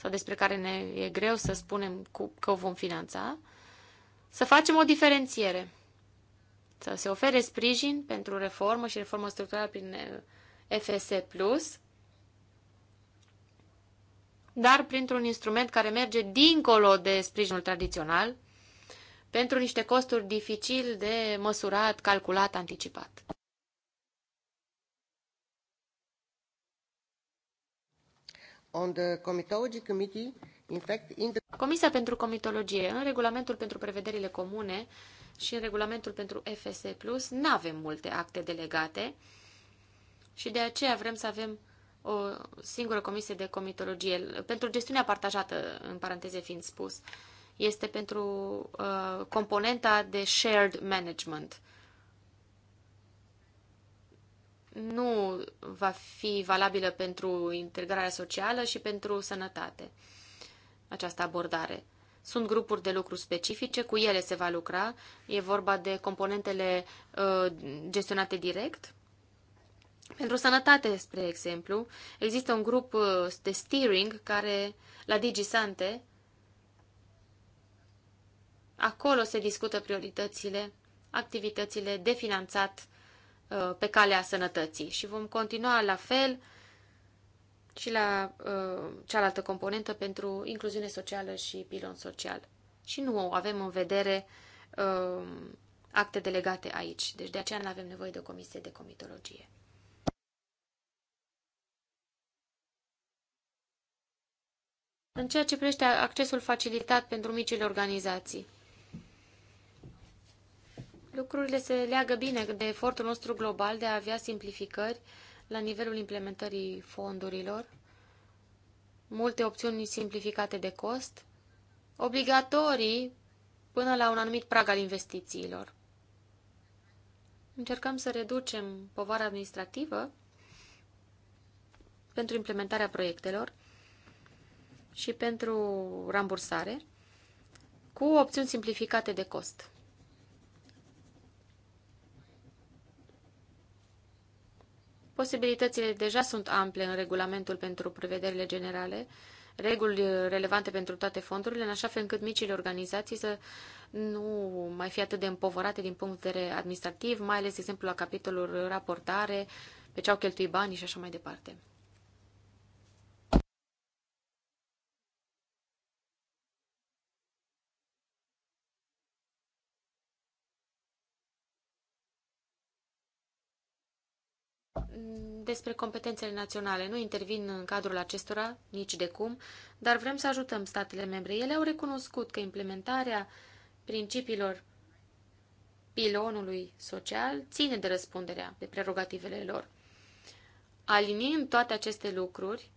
sau despre care ne e greu să spunem cu, că o vom finanța, să facem o diferențiere să se ofere sprijin pentru reformă și reformă structurală prin eh, FS+, dar printr-un instrument care merge dincolo de sprijinul tradițional, pentru niște costuri dificil de măsurat, calculat, anticipat. on the Comitology Committee, in fact, in the... Comisia pentru Comitologie, în regulamentul pentru prevederile comune și în regulamentul pentru FS+, nu avem multe acte delegate și de aceea vrem să avem o singură comisie de comitologie pentru gestiunea partajată, în paranteze fiind spus, este pentru uh, componenta de shared management. Uh, nu va fi valabilă pentru integrarea socială și pentru sănătate, această abordare. Sunt grupuri de lucru specifice, cu ele se va lucra. E vorba de componentele uh, gestionate direct. Pentru sănătate, spre exemplu, există un grup uh, de steering care, la DigiSante, acolo se discută prioritățile, activitățile de finanțat Uh, pe calea sănătății și vom continua la fel și la uh, cealaltă componentă pentru incluziune socială și pilon social. Și nu avem în vedere uh, acte delegate aici, deci de aceea nu avem nevoie de o comisie de comitologie. În ceea ce privește accesul facilitat pentru micile organizații, Lucrurile se leagă bine de efortul nostru global de a avea simplificări la nivelul implementării fondurilor, multe opțiuni simplificate de cost, obligatorii până la un anumit prag al investițiilor. Încercăm să reducem povara administrativă pentru implementarea proiectelor și pentru rambursare cu opțiuni simplificate de cost. Posibilitățile deja sunt ample în regulamentul pentru prevederile generale, reguli relevante pentru toate fondurile, în așa fel încât micile organizații să nu mai fie atât de împovărate din punct de vedere administrativ, mai ales, de exemplu, la capitolul raportare, pe ce au cheltuit banii și așa mai departe. despre competențele naționale. Nu intervin în cadrul acestora, nici de cum, dar vrem să ajutăm statele membre. Ele au recunoscut că implementarea principiilor pilonului social ține de răspunderea, de prerogativele lor. Aliniind toate aceste lucruri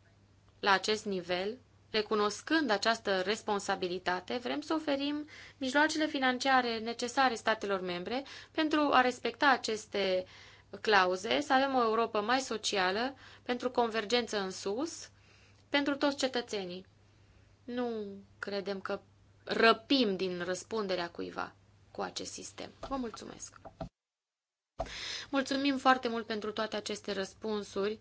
la acest nivel, recunoscând această responsabilitate, vrem să oferim mijloacele financiare necesare statelor membre pentru a respecta aceste uh, clauze, să avem o Europa mai socială, pentru convergență în sus, pentru toți cetățenii. Nu credem că răpim din răspunderea cuiva cu acest sistem. Vă mulțumesc! Mulțumim foarte mult pentru toate aceste răspunsuri,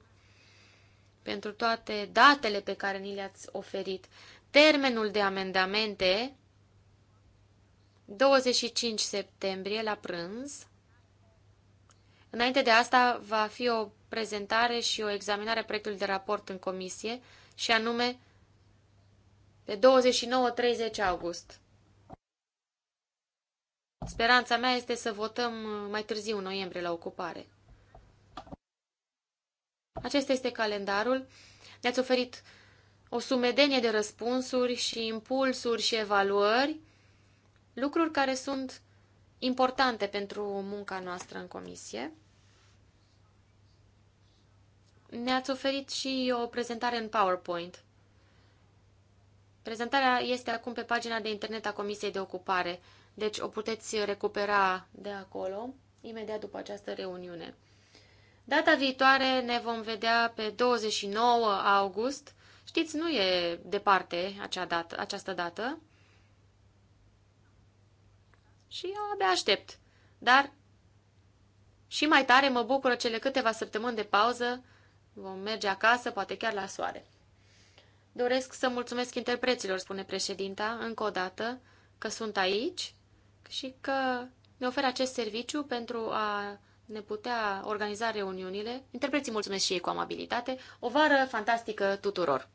pentru toate datele pe care ni le-ați oferit. Termenul de amendamente 25 septembrie la prânz Înainte de asta va fi o prezentare și o examinare a proiectului de raport în comisie și anume pe 29-30 august. Speranța mea este să votăm uh, mai târziu în noiembrie la ocupare. Acesta este calendarul. Ne-ați oferit o sumedenie de răspunsuri și impulsuri și evaluări, lucruri care sunt importante pentru munca noastră în comisie. Ne-ați oferit și o prezentare în PowerPoint. Prezentarea este acum pe pagina de internet a Comisiei de Ocupare, deci o puteți recupera de acolo imediat după această reuniune. Data viitoare ne vom vedea pe 29 august. Știți, nu e departe acea dată, această dată și eu abia aștept. Dar și mai tare mă bucură cele câteva săptămâni de pauză, vom merge acasă, poate chiar la soare. Doresc să mulțumesc interpreților, spune președinta, încă o dată, că sunt aici și că ne oferă acest serviciu pentru a ne putea organiza reuniunile. Interpreții mulțumesc și ei cu amabilitate. O vară fantastică tuturor!